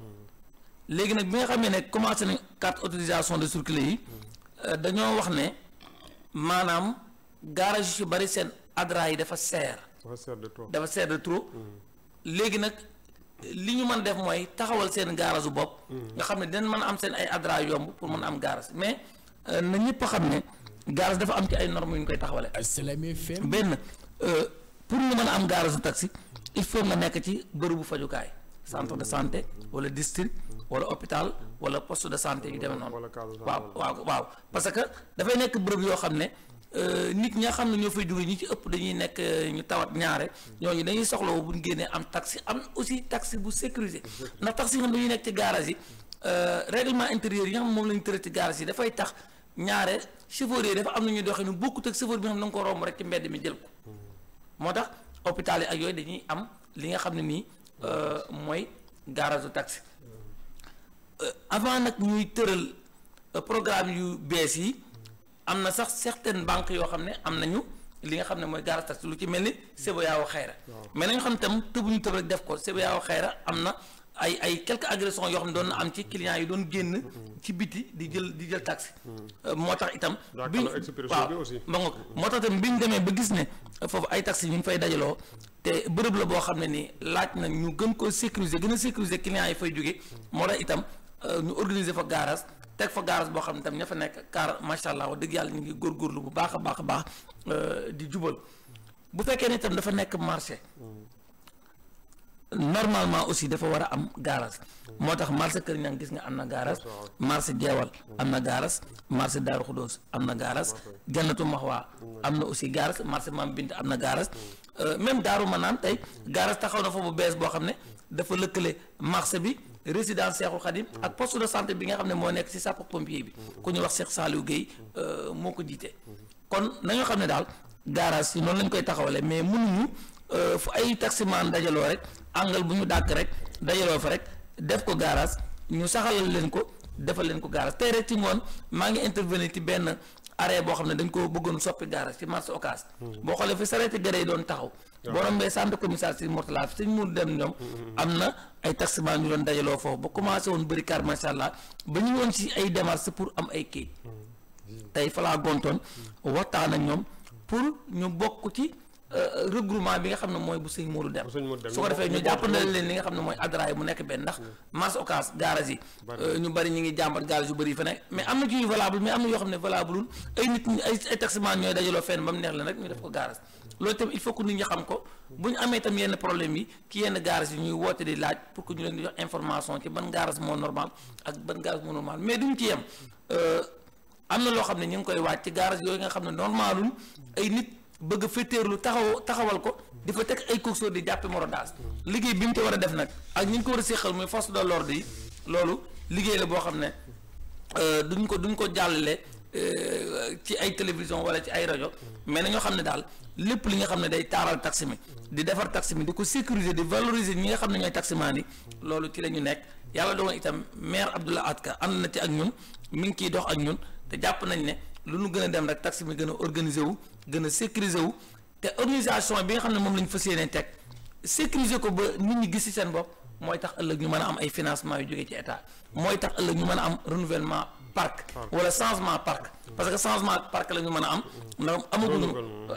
léegi nag bi nga xam ne ne commencé nañ carte autorisation de circuler yi euh, dañoo wax ne maanaam garage yu bari seen adra yi dafa seer dafa seer de trop mm. léegi nag li ñu mën def mooy taxawal seen garage bopp mm. nga xam ne dinañ man am seen ay adra yomb pour mën a am garage mais euh, na ñëpp xam ne garage dafa am ci ay normes yu ñu koy taxawale ah, benn euh, pour nga mën a am garage taxi il faut nga nekk ci bërëbu fajukaay centre de santé wala district wala hôpital wala poste de santé yu demee noonu waaw waaw waaw parce que dafay nekk bërëb yoo xam ne euh, nit ña xam ne ñoo fay jóge ñi ci ëpp dañuy nekk euh, ñu tawat ñaare ñooñu dañuy soxla woo bu ñu génnee am taxi am aussi taxi bu sécurisé ndax taxi nga xam dañuy nekk ci garage yi euh, règlement intérieur yi nga xam moom la ñu tëral ci garage yi dafay tax ñaare chauffeur yi dafa am na ñuy doxee nu bokkut ak chauffeur bi nga xam ne nga ko romb rek ci mbedd mi jël ko moo tax hôpital yi ak yooyu dañuy am li nga xam ne nii mooy garage taxi Euh, avant nag ñuy tëral euh, programme yu bees yi am na sax certaines banque yoo xam ne am nañu li nga xam ne mooy tax lu ci mel ni CBAO xayra mais na nga xam ne tam tëbuñu tëb rek def ko CBAO xayra am na ay ay quelques agressions yoo xam ne doon na am ci clients yi doon génn ci biti di jël di jël taxi hmm. euh, moo tax itam bi waaw ba nga moo tax itam bi ñu demee ba gis ne foofu ay taxi ñu ngi fay dajaloo te bërëb la boo xam ne nii laaj na ñu gën ko sécuriser gën a sécuriser clients yi fay jóge moo itam Euh, ñu organiser fa gaaras teg fa gaaras boo xam ne tam ña fa nekk car macha allah wax dëgg yàlla ñu ngi góorgóorlu bu baax a baax a baax euh, di jubal bu fekkee ne tam dafa nekk marché normalement aussi dafa war a am gaaras moo tax marché Kër Ñang gis nga am na gaaras marché Jeewal am na gaaras marché Daaru Xudoos am na gaaras Jannatu Maxwa am na aussi gaaras marché Maam bind am na gaaras euh, même Daaru naan tey gaaras taxaw na fa bu bees boo xam ne dafa lëkkale marché bi résidence Cheikhul Khadim ak poste de santé bi nga xam ne moo nekk ci sapeur pompier bi ku ñuy wax Cheikh Saliou Guèye euh, moo ko jiite kon nañoo xam ne daal garage yi noonu lañ koy taxawale mais mënuñu euh, fu ay taximaan dajaloo rek angal bu ñu dàkk rek dajaloo fa rek def ko garage ñu saxalal leen ko defal leen ko garage te rek ci ngoon maa ngi intervenir ci benn arrêt boo xam ne dañ ko bëggoon soppi garage ci marché Ocass hmm. boo xoolee fi sareeti gare yi doon taxaw borom bee centre commissariat si Mourtala fi suñ mun dem ñoom mm-hmm. Mm-hmm. am na ay taximan ñu doon dajaloo foofu ba commencé woon bëri car macha allah ba ñu woon si ay démarches pour am ay kayit mm-hmm. tey falaa gontoon waxtaan ak ñoom pour ñu bokk ci euh, regroupement bi nga xam ne mooy bu sëñ Modou Dem su ko defee ñu jàppandal leen li nga xam ne mooy adra yi mu nekk benn ndax marché Ocass garage yi euh, ñu bëri ñu ngi jàmbat garage yu bëri yi fa nekk mais am na ci yu valable mais yoo xam ne valable ay nit ñooy dajaloo fenn ba mu rek ñu def ko garage loolu itam il faut que nit ñi xam ko bu ñu amee tam yenn problème yi ki yenn garage yi ñuy woote di laaj pour que ñu leen di jox information ci ban garage moo normal ak ban garage moo normal mais duñ ci yem euh, am na loo xam ne ñu ngi koy waaj ci garage yooyu nga xam ne normalul ay nit bëgg féeteerlu taxaw taxawal ko di fa teg ay coxeur di jàppe morodaas liggéey bi mu ci war a def ak ñu ngi ko war a séqal muy force de l'ordre yi loolu liggéey la boo xam ne euh, duñ ko duñ ko jàllale euh, ci ay télévision wala ci ay rajo mais nañoo xam ne daal lépp li nga xam ne day taaral taxi mi di defar taxi mi di ko sécuriser di valoriser ñi nga xam ne ñooy taximaan yi loolu ci la ñu nekk yàlla doon itam maire Abdoulaye Atka ànd na ci ak ñun mi ngi ciy dox ak ñun te jàpp nañ ne lu nu gën a dem rek taxi mi gën a organiser wu gën a sécuriser wu te organisation bi nga xam ne moom la ñu fas yéene teg sécuriser ko ba nit ñi gis ci seen bopp mooy tax ëllëg ñu mën a am ay financement yu jógee ci état mooy tax ëllëg ñu mën a am renouvellement parc ah, wala changement parc parce que changement parc la ñu mën a am ndax amaguñu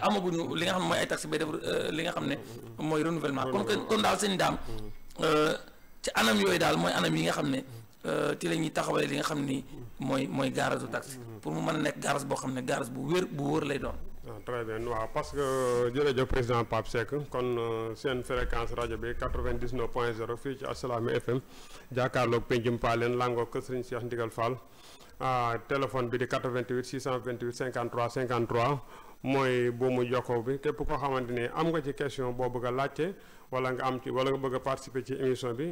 amaguñu li nga xam ne mooy ay taxes bay def euh, li nga xam ne mooy renouvellement kon kon daal seen daam euh, ci anam yooyu daal mooy anam yi nga xam ne euh, ci la ñuy taxawalee li nga xam ni mooy mooy garage du taxi pour mu mën a nekk garage boo xam ne garage bu wér bu wër lay doon très bien waaw parce que euh, jërëjëf président Pape Seck kon euh, seen fréquence rajo bi 99 point 0 fii ci Assalaamy FM jàkkaarloog Pencum Paaleen langoog kër Serigne Cheikh Ndigal Fall ah, téléphone bi di 88 628 53 53 mooy buumu jokkoo bi képp koo xamante ni am nga ci question boo bëgg a laajte wala nga am ci wala nga bëgg a participer ci émission bi.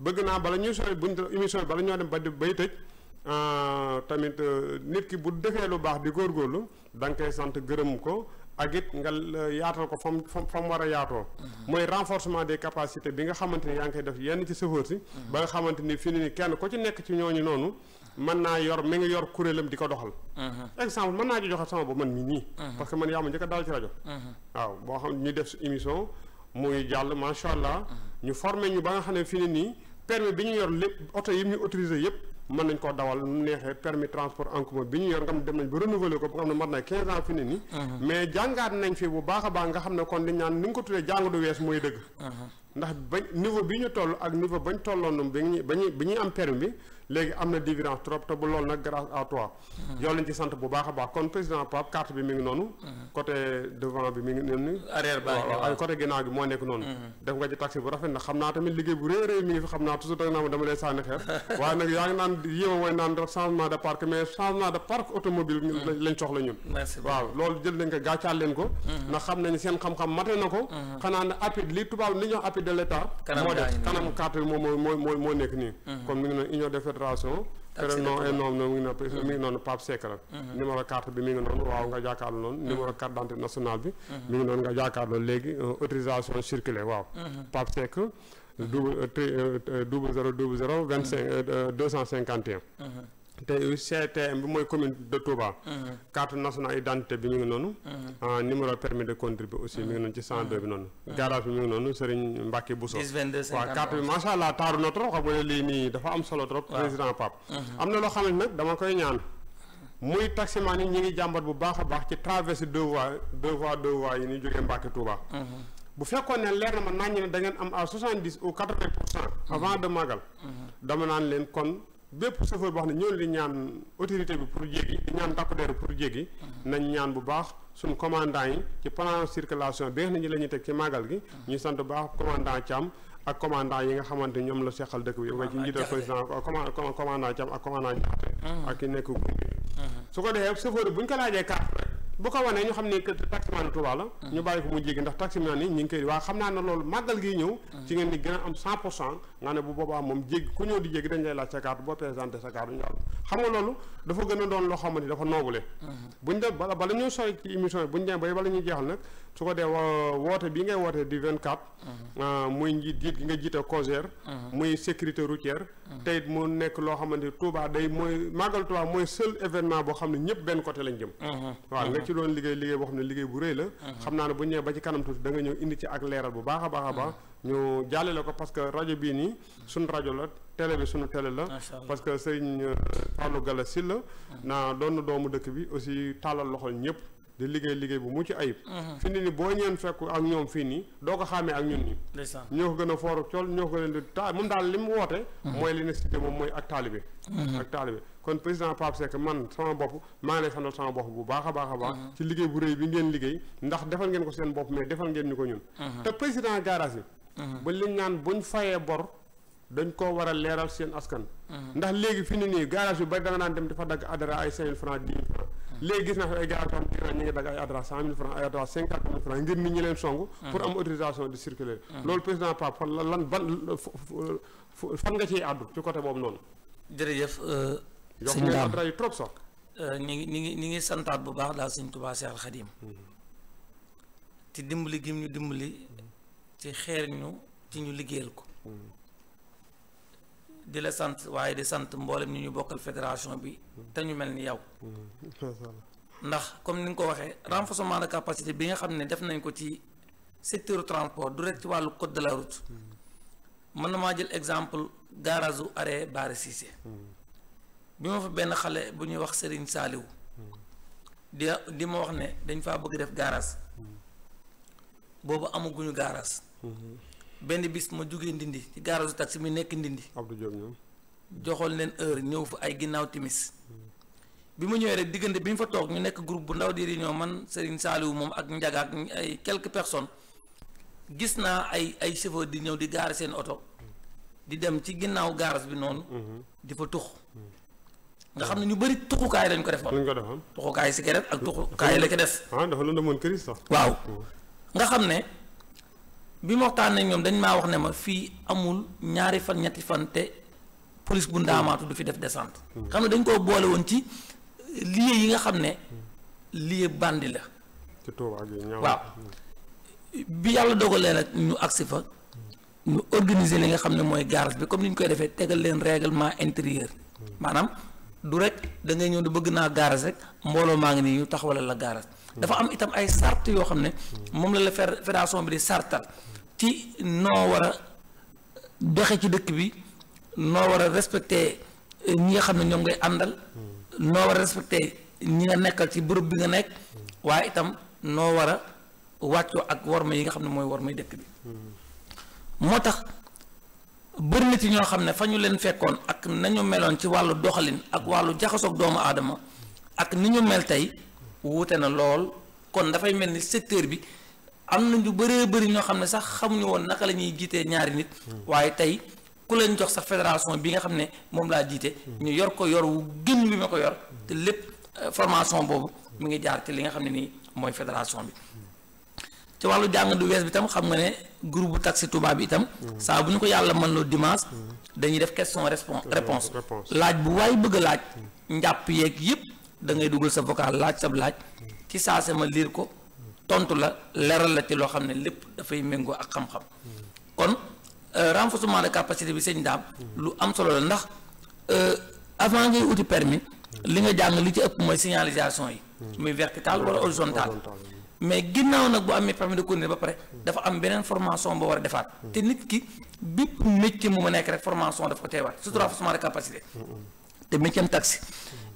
bëgg naa bala ñuy sori buntu émission bi bala ñoo dem ba bay tëj euh, tamit euh, nit ki bu defee lu baax di góorgóorlu da nga koy sant gërëm ko ak it nga euh, yaatal ko fa mu fa war a yaatoo. Mm-hmm. mooy renforcement des capacités bi nga xamante ni yaa ngi koy def yenn ci chauffeur si. Mm-hmm. ba nga xamante ni fii nii kenn ku ci nekk ci ñooñu noonu. mën naa yor mi ngi yor kuréelam di ko doxal. Mm-hmm. exemple mën naa ci joxe sama ba man mii nii. parce que man yaa ma njëkk a daal ci rajo. waaw boo xam ñu def émission. mooy jàll macha allah. Mm-hmm. ñu formé ñu ba nga xam ne fii nii permis bi ñu yor lépp oto yi mu autorisé yëpp mën nañ koo dawal mu neexee permis transport en commun bi ñu yor nga xam ne dem nañ ba renouveler ko ba nga xam ne mat na 15 ans fii nii. Mm-hmm. mais jàngaat nañ fi bu baax a baax nga xam ne kon li ñaan ni nga ko tuddee jàng du wees mooy dëgg. Mm-hmm. ndax ba niveau bi ñu toll ak niveau bañ tolloon ba ñuy ba ñuy am permis bi. léegi am na différence trop te bu loolu nag grâce à toi. Hmm. yow lañ ci sant bu baax baax kon président Pape carte bi mi ngi noonu. Hmm. côté devant bi mi ngi noonu. nekk noonu. Hmm. def nga na xam naa bu réy jël nañ ko gàccaal leen ko. ndax xam nañ seen xam-xam mate na ko. xanaa ne APID li tubaab li ñuy wax de l' état. kanam moo def kanam moom moo moo moo nekk nii. comme ni nga union des Drasso tere non ay eh, noom no mi ngi noonu mi ngi mm-hmm. noonu Pape Seck la mm-hmm. numéro carte bi mi ngi noonu waaw nga jaakaarloo noonu mm-hmm. numéro carte d'identité nationale bi mi ngi noonu nga jaakaarloo léegi euh, autorisation circuler waaw Pape Seck euh, double euh, double zéro double zéro vingt cinq deux cent cinquante te CTM bi mooy commune de Touba. carte nationale identité bi mu ngi noonu. Mm-hmm. Ah, numéro permis de contribuer aussi mi ngi noonu ci 102 bi noonu. Mm-hmm. garage bi mi ngi noonu Serigne Mbacke Bousso. 10 22 50 waaw carte bi macha allah taaru na trop xam nga lii nii dafa am solo trop. président Pape. Mm-hmm. am na loo xam ne nag dama koy ñaan. muy taximaan yi ñu ngi jàmbat bu baax a baax ci traversée de voies deux voies deux voies yi ñuy jógee Mbacke Touba. bu fekkoon ne leer na ma naññ ne da ngeen am à 70 ou 80 pour cent. avant de màggal. bépp chauffeur boo xam ne ñoo di ñaan autorité bi pour jéggi di ñaan takku der pour jéggi nañ ñaan bu baax suñ commandant yi ci plan circulation bi nga xam la ñuy teg ci màggal gi ñu sant bu baax commandant Thiam ak commandant yi nga xamante ñoom la seqal dëkk bi ba ci njiital président commandant Thiam ak commandant Diakhaté mm-hmm. ak ki nekk Goumbi mm-hmm. su ko defee chauffeur bu ko laajee carte bu ko wanee ñu xam ne que taximaan Touba la ñu bàyyi ko mu jéggi ndax taximaan ni ñu ngi koy waa xam naa ne loolu màggal gi ñëw ci ngeen di gën a am cent pour cent nga ne bu boobaa moom jéggi ku ñëw di jéggi dañ lay laaj sa carte boo présenté sa carte ñu xam nga loolu dafa gën doon loo xam ne dafa noobule buñ de bala bala ñu émission yi buñ demee bay bala ñuy jeexal nag su ko dee woote bi ngay woote di 24. muy njiit jiit gi nga jiite COJER muy sécurité routière tey it mu nekk loo xamante Touba day mooy màggal Touba mooy seul événement boo xam ne ñëpp benn côté lañ jëm mm-hmm. waaw ci loon liggéey liggéey boo xam ne liggéey bu rëy la xam naa ne bu ñëwee ba ci kanam tuuti da ñëw indi ci ak leeral bu baax a baax a baax ñu jàllale ko parce que rajo bii nii suñu rajo la télé bi suñu télé la parce que sëñ euh, Fallou Gala Sylla naa doon doomu dëkk bi aussi tàllal loxol ñëpp di liggéey liggéey bu mucc ayib mhm. fi ni ni boo ñeen fekk ak ñoom fii nii doo ko xàmmee ak ñun ñi ñoo ko gën a fooru col ñoo ko gën a di taal moom daal li mu woote mhm. mooy li moom mooy ak taalibe mhm. ak taalibe kon président Pape Seck man sama bopp maa ngi lay santal sama bopp bu baax a baax a baax mm-hmm. ci liggéey bu rëy bi ngeen liggéey ndax defal ngeen ko seen bopp mais defal ngeen ñu ko ñun mm-hmm. te président garage yi mm-hmm. ba liñ naan buñ fayee bor dañ koo war a leeral seen askan ndax léegi fi ni nii garage yu bari da nga naan dem dafa dagg adara ay cinq mille francs dix mille francs léegi gis naa fi ay garage am dagg ay adara cent mille francs ay adara cinquante mille francs ngir nit ñi leen song pour am autorisation de circuler loolu président Pape fan nga ciy àddu ci côté boobu noonu jërëjëf euh, sëñ daam ñu euh, ngi ñu ngi ñu ngi santaat bu baax daal sëñ Tuubaa Seex al Xadiim ci dimbali gim ñu dimbali ci xeer ñu ci ñu liggéeyal ko di la sant waaye di sant mboolem ñu ñu bokkal fédération bi te ñu mel ni yow ndax comme ni nga ko waxee renforcement de capacité bi nga xam ne def nañ ko ci secteur transport du rek ci wàllu code de la mën na maa jël exemple garage u arrêt Bara bi ma fa benn xale bu ñuy wax Serigne Saliou di di ma wax ne dañ faa bëgg def gaaraas boobu amaguñu gaaraas benn bis ma jógee ndindi ci gaaraasu taxi mi nekk ndindi Abdou Diop joxoon leen heure ñëw fa ay ginnaaw timis bi ma ñëwee rek diggante bi ñu fa toog ñu nekk group bu ndaw di réunion man Serigne Saliou moom ak Ndiaga ak ay quelques personnes gis naa ay ay chauffeur di ñëw di gaare seen oto di dem ci ginnaaw garas bi noonu mhm. di fa tux mhm. nga xam ne ñu bëri tuxukaay lañ ko def. lañ ko defoon tuxukaay si keneen ak tuxukaay la ko def. ah dafa lëndëmoon këris sax. waaw hmm. nga xam ne bi moxtaan waxtaan ñoom dañ maa wax ne ma fii amul ñaari fan ñetti fan te police bu ndaamaatu du fi def descente. Hmm. xam ne dañ koo boole woon ci lieu yi nga xam ne hmm. lieu bandi la. ci Touba gi waaw bi yàlla dogalee nag ñu agsi fa. ñu organiser li nga xam ne mooy garage bi comme li ñu koy defee tegal leen règlement intérieur. maanaam. du rek dangay ñëw ne bëgg naa gaaras rek mbooloo maa ngi nii ñu taxawalal la gaaras dafa am itam ay sart yoo xam ne moom la la fédération bi di sartal ci noo war a doxe ci dëkk bi noo war a respecté ñi nga xam ne ñoom ngay àndal noo war a respecté ñi nga nekkal ci bërëb bi nga nekk waaye itam noo war a wàccoo ak ma yi nga xam ne mooy wormay dëkk bi moo tax bëri na ci ñoo xam ne fa ñu leen fekkoon ak nañu meloon ci wàllu doxalin ak wàllu jaxasoog doomu aadama ak ni ñu mel tey wuute na lool kon dafay mel ni secteur bi am na ñu bëree bëri ñoo xam ne sax xamuñu woon naka la ñuy jiitee ñaari nit waaye tey ku leen jox sax fédération bi nga xam ne moom laa jiite ñu yor ko yor wu gën bi ma ko yor te lépp euh, formation boobu mu ngi jaar ci li nga xam ne nii mooy fédération bi ci wàllu jàng du wees bi tam xam nga ne group bu taxi tubaab yi itam. saa bu ñu ko yàlla mën loo dimanche. dañuy def question réponse réponse laaj bu waay bëgg a laaj. Hmm. njàpp yeeg yëpp da ngay dugal sa vocal laaj sab laaj. ci hmm. saa sama liir ko. tontu la leral la ci loo xam ne lépp dafay méngoo ak xam-xam. Hmm. kon euh, renforcement de capacité bi sëñ daam. lu am solo la ndax euh, avant ngay uti permis li nga jàng li ci ëpp mooy signalisation yi. muy vertical wala horizontal mais ginnaaw nag bu amee permis de conduire ba pare dafa am beneen formation ba war a defaat te nit ki bépp métier mu ma nekk rek formation dafa ko teewaat surtout renforcement de capacité te métier am taxi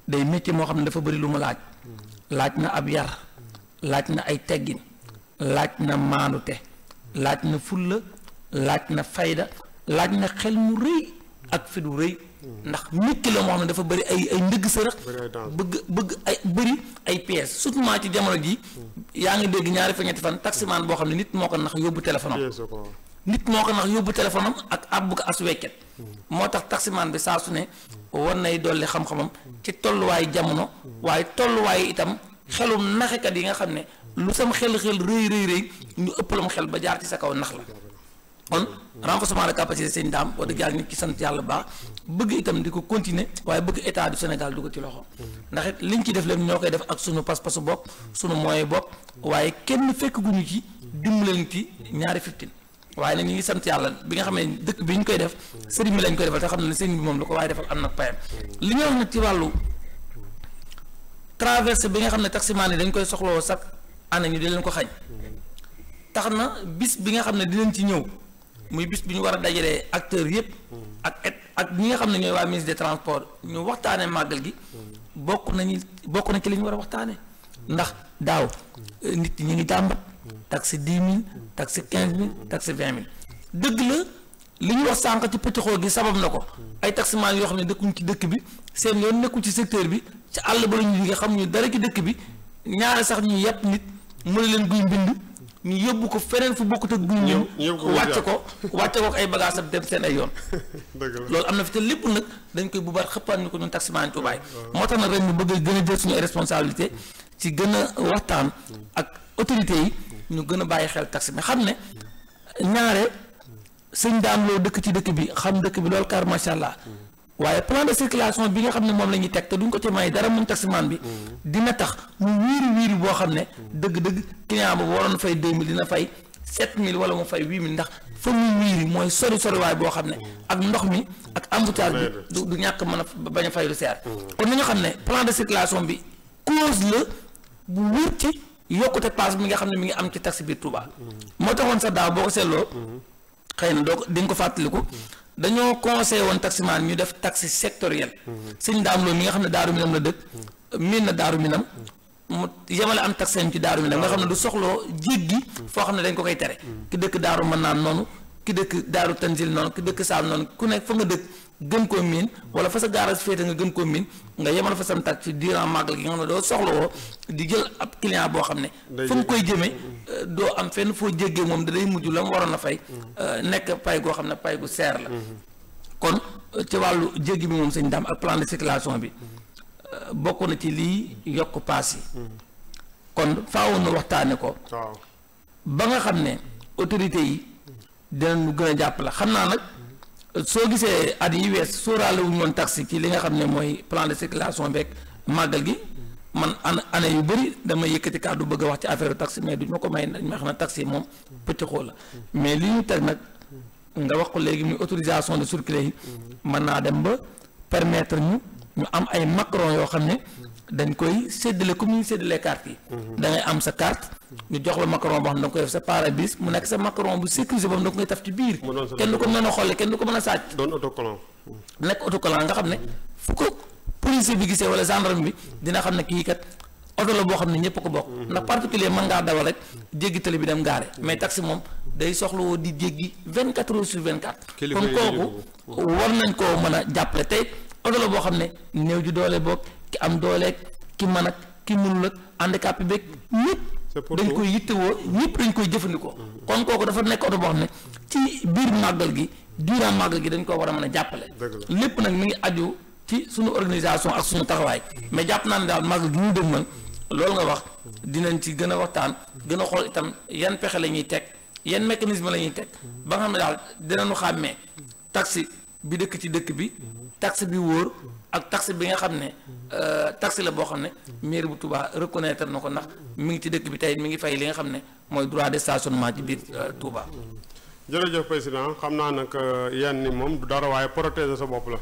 day métier moo xam ne dafa bëri lu mu laaj laaj na ab yar laaj na ay teggin laaj na maanute laaj na fulla laaj na fayda laaj na xel mu rëy ak fi du rëy ndax nit ki moo xam ne dafa bëri ay ay ndëgg sërëx bëgg bëgg ay bëri ay pièces surtout ci jamono ji yaa ngi dégg ñaari fa ñetti fan taximaan boo xam ne nit moo ko nax yóbbu téléphone am nit moo ko nax yóbbu téléphone am ak àbb ko as wekket hmm. moo tax tax taximaan bi saa su ne war nay dolli xam-xamam ci tolluwaayu jamono waaye tolluwaayu itam xelum naxekat yi nga xam ne lu sam xel xel rëy rëy rëy ñu ëppalam xel ba jaar ci sa kaw nax la kon renforcement de capacité seen daam wax dëgg yàlla nit ki sant yàlla baax bëgg itam di ko continuer waaye bëgg état du Sénégal du ko ci loxo ndax it liñ ci def leen ñoo koy def ak sunu pas-pasu bopp sunu moyen bopp waaye kenn fekk guñu ci dimbaleen ci ñaari fiftin waaye nag ñu ngi sant yàlla bi nga xam ne dëkk bi ñu koy def sëriñ bi lañ koy defal te xam ne sëriñ bi moom lu ko waaye defal am na payam li ñu wax nag ci wàllu traversé bi nga xam ne taximaan yi dañ koy soxlawoo sax année ñu di leen ko xañ tax na bis bi nga xam ne dinañ ci ñëw muy bis bi ñu war a dajalee acteur yëpp. ak et ak ñi nga xam ne ñooy waa ministre des transports ñu waxtaanee màggal gi. bokk nañu bokk na ci li ñu war a waxtaanee. ndax daaw euh, nit ñi ñu ngi tàmbat. taxe dix mille taxe quinze mille taxe vingt mille. dëgg la li ñu wax sànq ci pëtixoo gi sabab na ko. ay taximaan yoo xam ne dëkkuñu ci dëkk bi seen yoon nekkul ci secteur bi ci àll ba la ñu jógee xamuñu dara ci dëkk bi ñaare sax ñu yàpp nit mu leen guy mbind. ñu yóbbu ko feneen fu bokkut ak duñ ñëw wàcce ko wàcce ko ay bagages dem seen ay yoon loolu am na fi te lépp nag dañ koy bubaat xëppaan ñu ko ñun taximaan tubaay moo tax nag ren ñu bëgg gën a jël suñu responsabilité ci gën a waxtaan ak autorité yi ñu gën a bàyyi xel taxi mais xam ne ñaare sëñ daam loo dëkk ci dëkk bi xam dëkk bi loolu kaar macha allah waaye plan de circulation bi nga xam ne moom la ñuy teg te duñ ko ci may dara mun taximaan bi mm. dina tax mu wiiri wiiri boo xam ne dëgg-dëgg client boobu waroon fay 2000 dina fay set 7000 wala mu fay 8000 ndax fa mu wiiri mooy sori soriwaay boo xam ne mm. ak ndox mi ak embouteillage bi du ñàkk man a bañ a fay lu seer mm. kon nañu xam ne plan de circulation bi cause la bu wér ci yokkute paas bi nga xam ne mu ngi am ci taxi biir Touba moo taxoon sa daaw boo ko seetloo xëy na doo ko di ko dañoo conseillé woon taximaan ñu def taxi sectoriel. sëñ daam loolu mi nga xam ne daaru minam la dëkk. miin na daaru minam. mu yemale am taxeem ci daaru minam nga xam ne du soxloo gi foo xam ne dañ ko koy tere. ki dëkk daaru mën naan noonu ki dëkk daaru tanzil noonu ki dëkk saal noonu ku nekk fa nga dëkk. gën ko miin wala fa sa a féete nga gën ko miin nga yemal fa sam tàkk ci durant màggal gi nga xam ne doo soxla woo di jël ab client boo xam ne fa nga koy jëmee euh, doo am fenn foo jéggee moom da day mujj la mu waroon a fay mm-hmm. euh, nekk pay goo xam ne pay gu seer la mm-hmm. kon euh, ci wàllu jéggi bi moom sëñ daam ak plan bi mm-hmm. bokk na ci lii yokk paas yi kon faawoon na waxtaane ko ba nga xam ne autorité yi dinañu gën a jàpp la xam naa nag soo gisee at yi wees sóoraale wuñu woon taxi ci li nga xam ne mooy plan de circulation beeg màggal gi man an année yu bëri dama yëkkati kàddu bëgg a wax ci affaire taxi mais duñ ma ko may dañ ma xam ne taxi moom pëcc la mais li ñu teg nag nga wax ko léegi muy autorisation de circuler mën naa dem ba permettre ñu ñu am ay macron yoo xam ne dañ koy séddale comme ni ñu séddalee carte yi. Mhm. da ngay am sa carte. ñu jox la macaron boo xam ne da nga koy def sa pare-brise mu nekk sa macaron bu sécurisé boobu da nga koy taf ci biir. kenn du ko mën a xoolee kenn du ko mën a sàcc. nekk bi gisee wala gendarme bi dina xam ne kii kat. oto la boo xam ne ñëpp ko bokk mhm. ndax particulier mën ngaa dawal rek jéggi tali bi dem gaare mhm. mais taxi moom day soxlawoo di jéggi vingt quatre heures sur vingt quatre kon kooku war nañ koo mën a jàppale tey oto la boo xam ne néew ju doole bokk ki am dooleeg ki mën ak ki mënul ak handicap beeg ñëpp dañ koy yittewoo ñëpp dañ koy jëfandikoo mm-hmm. kon kooku dafa nekk oto boo xam ne ci biir màggal gi durant màggal gi dañ ko war a mën a jàppale lépp nag mi ngi aju ci suñu organisation ak suñu taxawaay mais jàpp naa ne daal màggal gi ñu dëgmal loolu nga wax dinañ ci gën a waxtaan gën a xool itam yan pexe la ñuy teg yan mécanisme la ñuy teg ba nga xam ne daal dinañu xàmmee taxi bi dëkk ci dëkk bi mm-hmm. ak taxe bi nga xam ne euh, taxe la boo xam ne mairie bu Touba reconnaître na ko ndax mu ngi ci dëkk bi tey mi ngi fay li nga xam ne mooy droit de stationnement ci biir euh, Touba. jërëjëf président xam naa nag euh, yéen ni moom du dara waaye protéger sa bopp la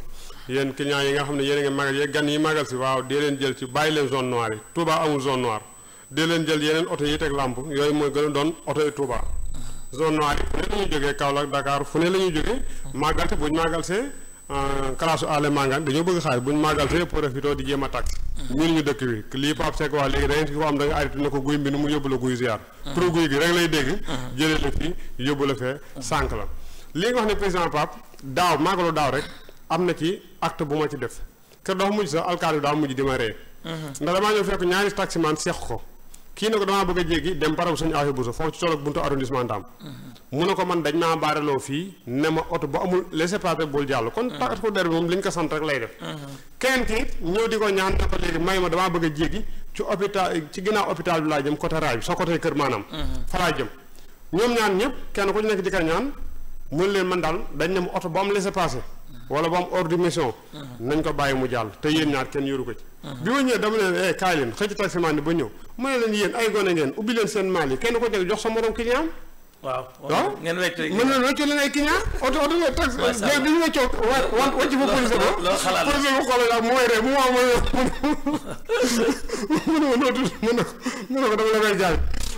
yéen clients yi nga xam ne yéen a ngi magal yéen gan yi magal waaw dee ci bàyyi leen zone noire yi Touba amul zone noire dee leen jël yeneen oto yi teg làmp yooyu mooy gën a doon oto yi Touba zone noire yi fu ne la ñuy jógee Kaolack Dakar fu ne la jógee màggal si buñ màggal see Euh, classe su dañoo bëgg xaalis buñ màggal see profito di jéem a tax. ñun mm-hmm. ñu dëkk bi lii Pape Seck wax léegi da ngeen ko am da nga ko guy mbind mu yóbbu guy ziar. pour mm-hmm. guy gi rek lay dégg. Mm-hmm. jëlee la fii yóbbu la fee sànq la. li nga wax ne président Pape daaw màggalu daaw rek am na ci acte bu ma ci def kër dafa mujj sax alkaati bi daa mujj di ma ree ndax damaa ñëw fekk ñaari taximaan seq ko. kii ne ko damaa bëgg a jéggi dem barabu sëñ Afia Bousso foofu ci tolloog buntu arrondissement Ndam mu ne ko man dañ maa baareloo fii ne ma oto ba amul laissez-passer bul jàll kon mm-hmm. takat ko der bi moom li ñu ko sant rek lay def mm-hmm. kenn ki ñëw di ko ñaan ne ko léegi may ma damaa bëgg a jéggi ci hôpital ci ginnaaw hôpital bi laa jëm côté raay bi soo côté kër maanaam mm-hmm. fa laa jëm ñoom ñaan ñëpp kenn ku ñu nekk di ko ñaan mun leen man daal dañ ne ma oto ba am laissez-passer wala ba am ordre mission nañ ko bàyyi mu jàll te yéen ñaar kenn yoru ko ci bi ma ñëwee dama leen eh kaay leen xëcc taximaan ni ba ñëw mu ne leen yéen ay gone ngeen ubbi leen seen maal yi kenn ko teg jox sa morom client ah? waaw ngeen wecc mën na wecc leen ay client oto oto la tax bi ñu weccoo wa wàcc fa police ba ma ma mu ne ma noo tudd mu ne mu ne ko dama la koy jaay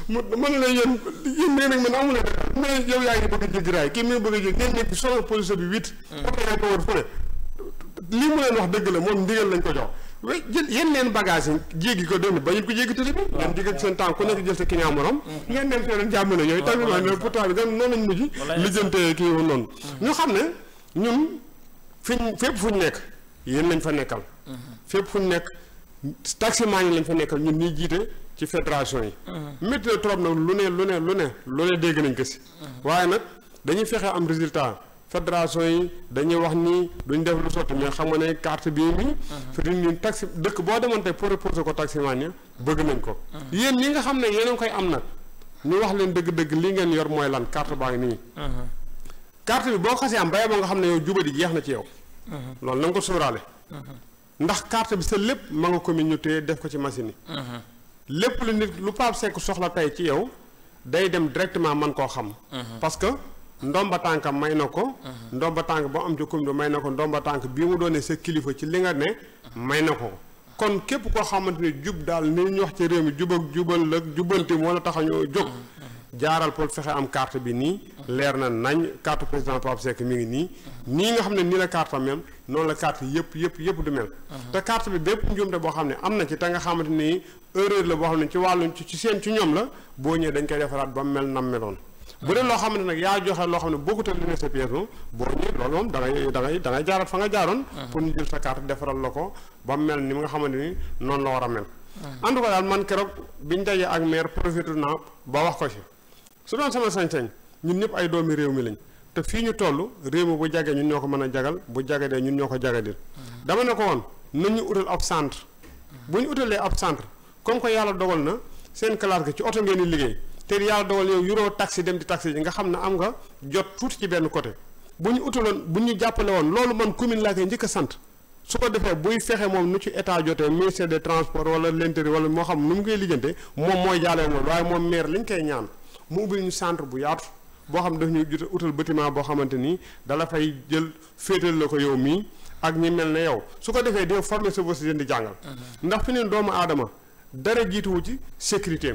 mu na leen yéen a jéggi raay kii mi ngi bëgg a jéggi ngeen nekk solo police bi huit hmm. oto li mu leen wax dëgg la moom ndigal lañ ko jox oui jël yéen leen bagage yi jéggi ko doon ba ñu ko jéggi tëli bi leen seen temps ku nekk jël sa client morom mm. ngeen dem seen jàmmale yooyu tamit waaye mais pourtant bi dem noonu lañ mujj lijjante kii woon noonu mm. ñu xam ne ñun fiñ fépp fu ñu nekk yéen lañ fa nekkal mm-hmm. fépp fu ñu nekk taximan yi lañ fa nekkal ñun ñuy jiite ci fédération yi mm-hmm. métti na trop nag lu ne lu ne lu ne lu ne dégg nañ ko si mm-hmm. waaye nag dañuy fexe am résultat fédération yi dañuy wax ni duñ def lu sotti mais xam nga ne carte bii nii. Mhm. fi mu taxi dëkk boo demoon tey pour reposer ko taximaan ya bëgg nañ ko. Mhm. yéen ñi nga xam ne yéen koy am nag ñu wax leen dëgg-dëgg li ngeen yor mooy lan carte baa ngi nii. Mhm. carte bi boo xasee am béy ba nga xam ne yow jubadi jeex na ci yow. loolu na ko sóoraale. ndax carte bi sa lépp ma nga commune ñu te def ko ci machine yi. lépp lu nit lu Pape Seck soxla tey ci yow day dem directement man koo xam. ndomba tànkam may na ko. Mhm. ndomba tànk boo am ci commune bi may na ko ndomba tànk bii mu doonee sa kilifa ci li nga ne. Mhm. may na ko kon képp koo xamante ne jub daal ni ñu wax ci réew mi jub ak jubal ak jubanti moo la tax a ñoo jóg. Mhm. jaaral pour fexe am carte bi nii. leer na nañ carte président Pape Seck mi ngi nii. nii nga xam ne nii la carte am noonu la carte yëpp yëpp yëpp du mel. te carte bi bépp njuumte boo xam ne am na ci te nga xamante ni erreur la boo xam ne ci wàllu ci seen ci ñoom la boo ñëwee dañ koy defaraat ba mu mel nam meloon. bu dee loo xam ne nag yaa joxe loo xam ne bokkut ak li nga sa pièce moom boo ñëwee loolu moom da ngay da ngay da ngay jaarat fa nga jaaroon ah. pour ñu jël sa carte defaral la ko ba mel ni nga xamante ni noonu la war a mel ah. en tout cas daal man keroog biñ dajee ak maire profité naa wax ko ci su doon sama sañ ñun ñëpp ay doomi réew mi lañ te fii ñu toll réew mi bu jagee ñun ñoo ko mën a jagal bu jagadee ñun ñoo ko jagadil ah. dama ne ko woon ñu utal ab centre bu ñu utalee ab centre comme que yàlla dogal na seen kalaat gi ci oto ngeen liggéey te yàlla dogal yow yoroo taxi dem di taxi ji nga xam ne am nga jot tuuti ci benn côté bu ñu utaloon bu ñu jàppale woon loolu man commune laa koy njëkk a sant su ko defee buy fexe moom nu ci état jotee ministère de transport wala l'intérieur wala moo xam nu mu koy lijjante moom mooy jaale moom waaye moom maire li ñu koy ñaan mu ubbil ñu centre bu yaatu boo xam daf ñu utal batiment boo xamante ni dala fay jël féetal la ko yow mii ak ñi mel ne yow su ko defee dee former sa bopp di jàngal. Mm-hmm. ndax fi ne doomu aadama dara jiituwu ci sécurité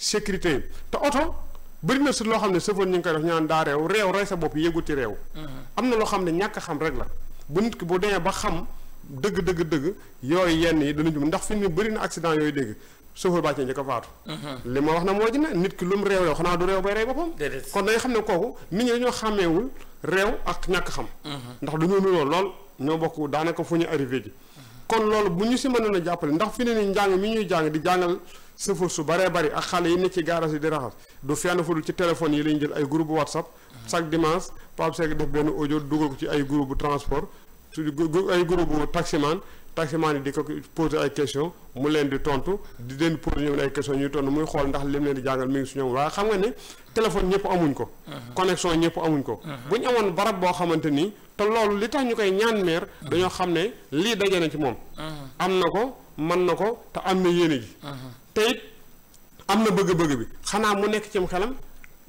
sécurité yi te oto bëri na si loo xam ne sëfoon ñu ngi koy def ñaan daa réew réew rey sa bopp yëgu ci réew. Mm-hmm. am na loo xam ne ñàkk xam rek la bu nit ki bu demee ba xam dëgg dëgg dëgg yooyu yenn yi dana jum ndax fi mu bëri na accident yooyu dégg. chauffeur bàccee njëkk a faatu mm-hmm. li ma wax na moo ji ne nit ki lu mu réew réew xanaa du réew bay rey boppam kon da xam ne kooku nit ñi dañoo réew ak ñàkk xam mm-hmm. ndax dañoo nuroo lool ñoo bokk daanaka fu ñu arrivé kon loolu bu ñu si mënoon a jàppale ndax fi ne ni njàng mi ñuy jàng di jàngal sëfur su baree bari ak xale yi nekk ci garage yi di raxas du fenn fu dul ci téléphone yi lañ jël ay groupe whatsapp chaque dimanche Pape Seck def benn audio dugal ko ci ay groupe bu transport su ay groupe bu taximan taximan yi di ko posé ay question mu leen di tontu di leen posé ñoom ay question ñu tontu muy xool ndax lim leen di jàngal mi ngi su ñoom waaye xam nga ne téléphone ñëpp amuñ ko uh-huh. connexion ñëpp amuñ ko uh-huh. bu ñu amoon barab boo xamante ni te loolu li tax ñu koy ñaan meer uh-huh. dañoo xam ne lii daje na ci moom am na ko mën na ko te am na yéene te it am na bëgg-bëgg bi xanaa mu nekk cim xelam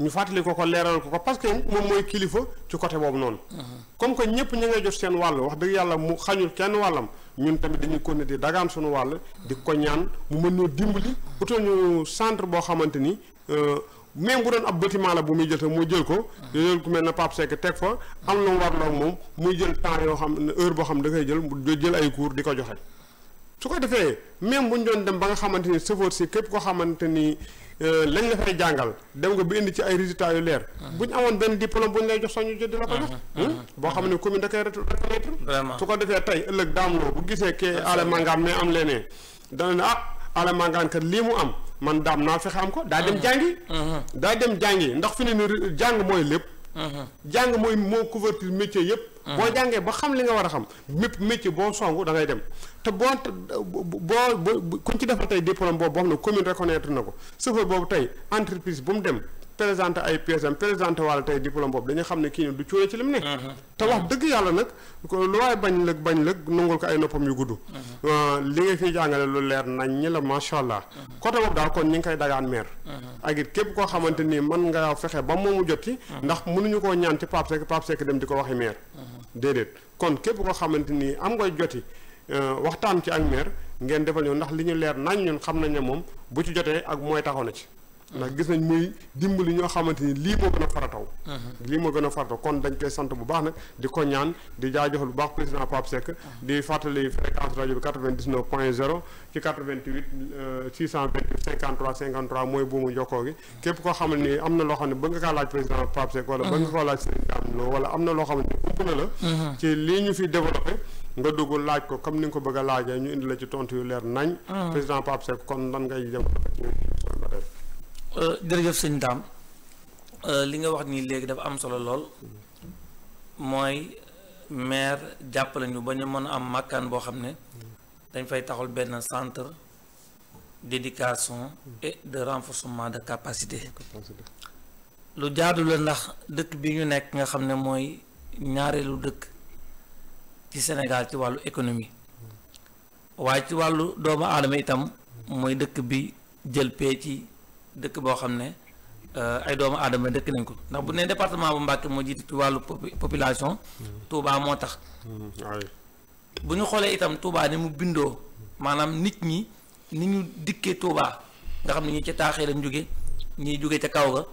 ñu fàttali ko ko leeral ko ko parce que moom mooy kilifa ci côté boobu noonu. Mm-hmm. comme que ñëpp ñu ngay jot seen wàll wax dëgg yàlla mu xañul kenn wàllam ñun tamit dañuy continuer di dagaan suñu wàll. di ko ñaan mu mën ñoo dimbali. utal ñu centre boo xamante ni. Euh, même bu doon ab bâtiment la bu muy jël te mu jël ko. jël mm-hmm. ku mel ne Pape Seck teg fa. am na mu warloo moom muy jël temps yoo xam ne heure boo xam da koy jël mu jël ay cours di ko joxe. su ko defee même bu ñu doon dem ba nga xamante ni chauffeur si képp koo xamante ni euh, lañ la fay jàngal dem nga ba indi ci ay résultats yu leer. Ah. bu ñu amoon benn diplôme bu ñu lay jox soo ñu jël di la ko jox. Ah, ah, hmm? boo xam ne commune da koy reconnaître. su ko defee tey ëllëg daam loo bu gisee kee ale mangaan mais am leneen dana ne ah ale lii mu am man daam naa fexe am ko. daa dem jàngi. daa dem jàngi ndax fi ne ni jàng mooy lépp. jàng mooy moo couverture métier yëpp. boo jàngee ba xam li nga war a xam mépp métier boo songu da ngay dem te boo boo boo kuñ ci defal tey diplôme boobu boo xam ne commune reconnaître na ko chauffeur boobu tey entreprise bu mu dem présenté ay PSM présenté wàlla tey diplôme boobu dañu xam ne kii ne du cuure ci lim ne mm-hmm. te wax dëgg yàlla nag lu waaye bañ lëg bañ lëg nungul ko ay noppam yu gudd mm-hmm. euh, li nga fiy jàngale lu leer nañ ñi la macha allah mm-hmm. côté boobu daal kon ñi ngi koy dagaan meer ak it képp koo xamante nii mën nga fexe ba moomu jot ci ndax mënuñu koo ñaan ci Pape Seck di ko waxi meer déedéet kon képp koo xamante ni am ngay joti euh, waxtaan ci ak maire ngeen defal ñoo ndax li ñu leer nañ xam nañ ne moom bu ci jotee ak mooy taxaw na ci ndax gis nañ muy dimbali ñoo xamante ni lii moo gën a farataw uh-huh. lii moo gën a farataw kon dañ koy sant bu baax nag di ko ñaan di jaajëfal bu baax président Pape Seck uh-huh. di fàttali fréquence rajo bi 99 point 0 ci 88 628 53 53 mooy buumu jokkoo gi képp koo xam ni am na loo xam ne ba nga kaa laaj président Pape Seck wala ba nga koo laaj uh-huh. Serigne Lo wala am na loo xam ne ump la ci lii ñu fi développé nga dugg laaj ko comme ni nga ko bëgg a laajee ñu indi la ci tontu yu leer nañ président Pape kon lan ngay jëm Euh, jërëjëf sëñ Dame euh, li nga wax nii léegi dafa am solo lool mooy maire jàpp ñu ba ñu mën a am màkkaan boo xam ne dañ fay taxul benn centre d'éducation et de renforcement de capacité lu jaadu la ndax dëkk bi ñu nekk nga xam ne mooy ñaareelu dëkk ci Sénégal ci wàllu économie waaye ci wàllu doomu aadama itam mooy dëkk bi jël pee dëkk boo xam ne euh, ay doomu aadama dëkk nañ ko ndax bu nee département bu Mbàkke moo jiitu wàllu population Touba moo tax mm-hmm. bu ñu xoolee itam Touba ni mu bindoo maanaam nit ñi ni ñu dikkee Touba nga xam ne ñi ca taaxee lañ jóge ñiy jóge ca kaw ga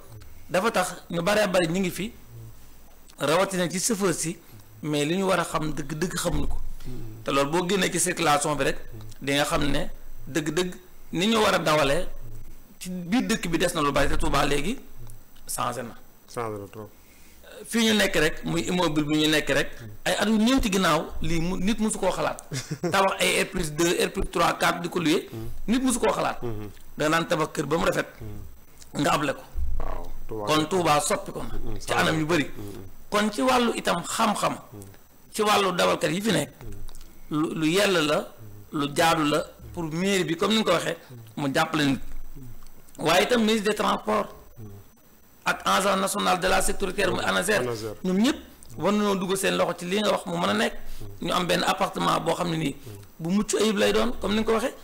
dafa tax ñu baree bari ñu ngi fi rawatina ci chauffeur si mais li ñu war a xam dëgg-dëgg xamuñu ko mm-hmm. te loolu boo génnee ci circulation bi rek di nga xam ne dëgg-dëgg ni ñu war a dawalee ci biir dëkk bi des na lu bari te Touba léegi changé na. changé na fii ñu nekk rek muy immobile bi ñu nekk rek ay at yu ñëw ci lii mu nit musu koo xalaat tabax ay R plus deux R plus trois quatre di ko luyee mm-hmm. nit musu koo xalaat mm-hmm. da naan tabax kër ba mu rafet mm-hmm. nga able ko kon Touba soppi ko na ci anam yu bëri kon ci wàllu itam xam-xam ci wàllu dawalkat yi fi nekk lu lu yell la lu jaadu la pour mairie bi comme ni nga ko waxee mu jàppale nit waaye itam ministre des transports ak agent national de la sécurité mu ANASER ñoom ñëpp war nañoo dugg seen loxo ci li nga wax mu mën a nekk mm. ñu am benn appartement boo xam ne nii mm. bu mucc ayib lay doon comme ni nga ko waxee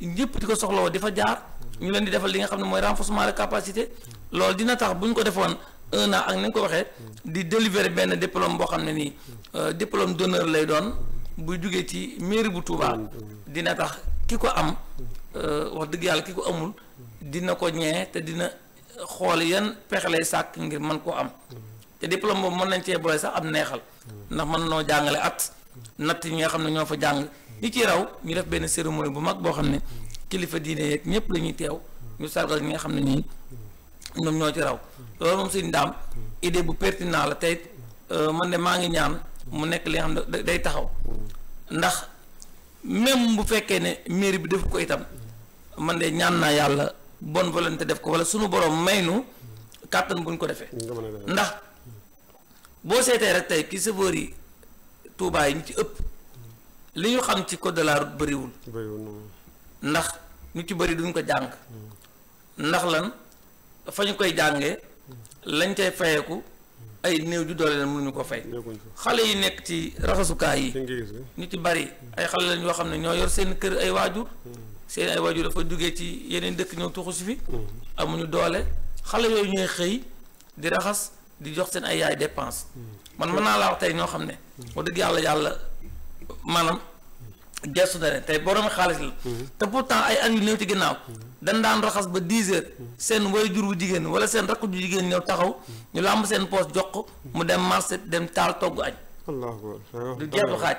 mm. ñëpp di ko soxlawoo di fa jaar ñu leen di defal li nga xam ne mooy renforcement de capacité loolu dina tax bu ñu ko defoon un ak ni nga ko waxee di délivrer benn diplôme boo xam ne nii euh, diplôme d'honneur lay doon buy jugee ci mairie bu Touba dina tax ki ko am euh, wax dëgg yàlla ki ko amul dina ko ñee te dina xool yan pexe lay sàkk ngir mën koo am te diplôme boobu mën nañ cee boole sax am neexal ndax mën noo jàngale at natt ñi nga xam ne ñoo fa jàng ñi ci raw ñu def benn cérémonie bu mag boo xam ne kilifa diine yeeg ñëpp la ñuy teew ñu sargal ñi nga xam ne ñii ñoom ñoo ci raw loolu moom suñ daam idée bu pertinent la tey euh, man de maa ngi ñaan mu nekk li xam day taxaw ndax même bu fekkee ne mairie bi def ko itam man de ñaan naa yàlla bonne volonté def ko wala sunu borom may nu kàttan buñ ko defee. ndax boo seetee rek tey ki chauffeur yi Touba yi ñu ci ëpp li ñu xam ci code de la route bëriwul. ndax ñu ci bëri duñ ko jàng. Mm. ndax lan fa ñu koy jàngee lañ koy fayeeku ay néew ju doole la mënuñu ko fay. xale yi nekk ci raxasukaay yi. ñu ci bëri ay xale lañ yoo xam ne ñoo yor seen kër ay waajur. Mm. seen ay waajur dafa duggee ci yeneen dëkk ñëw tuxu si fi mm-hmm. ñu doole xale yooyu ñooy xëy di raxas di jox seen ay yaay dépense mm-hmm. man mën naa laa wax tey ñoo xam ne mm-hmm. wax dëgg yàlla yàlla maanaam gestu na ne tey borom xaalis la te pourtant ay at yu néew ci ginnaaw dañ daan raxas ba dix heures seen waajur bu jigéen wala seen rakk ju jigéen ñëw taxaw ñu làmb seen poos jox ko mu dem marché dem taal togg añ du jeexu xaaj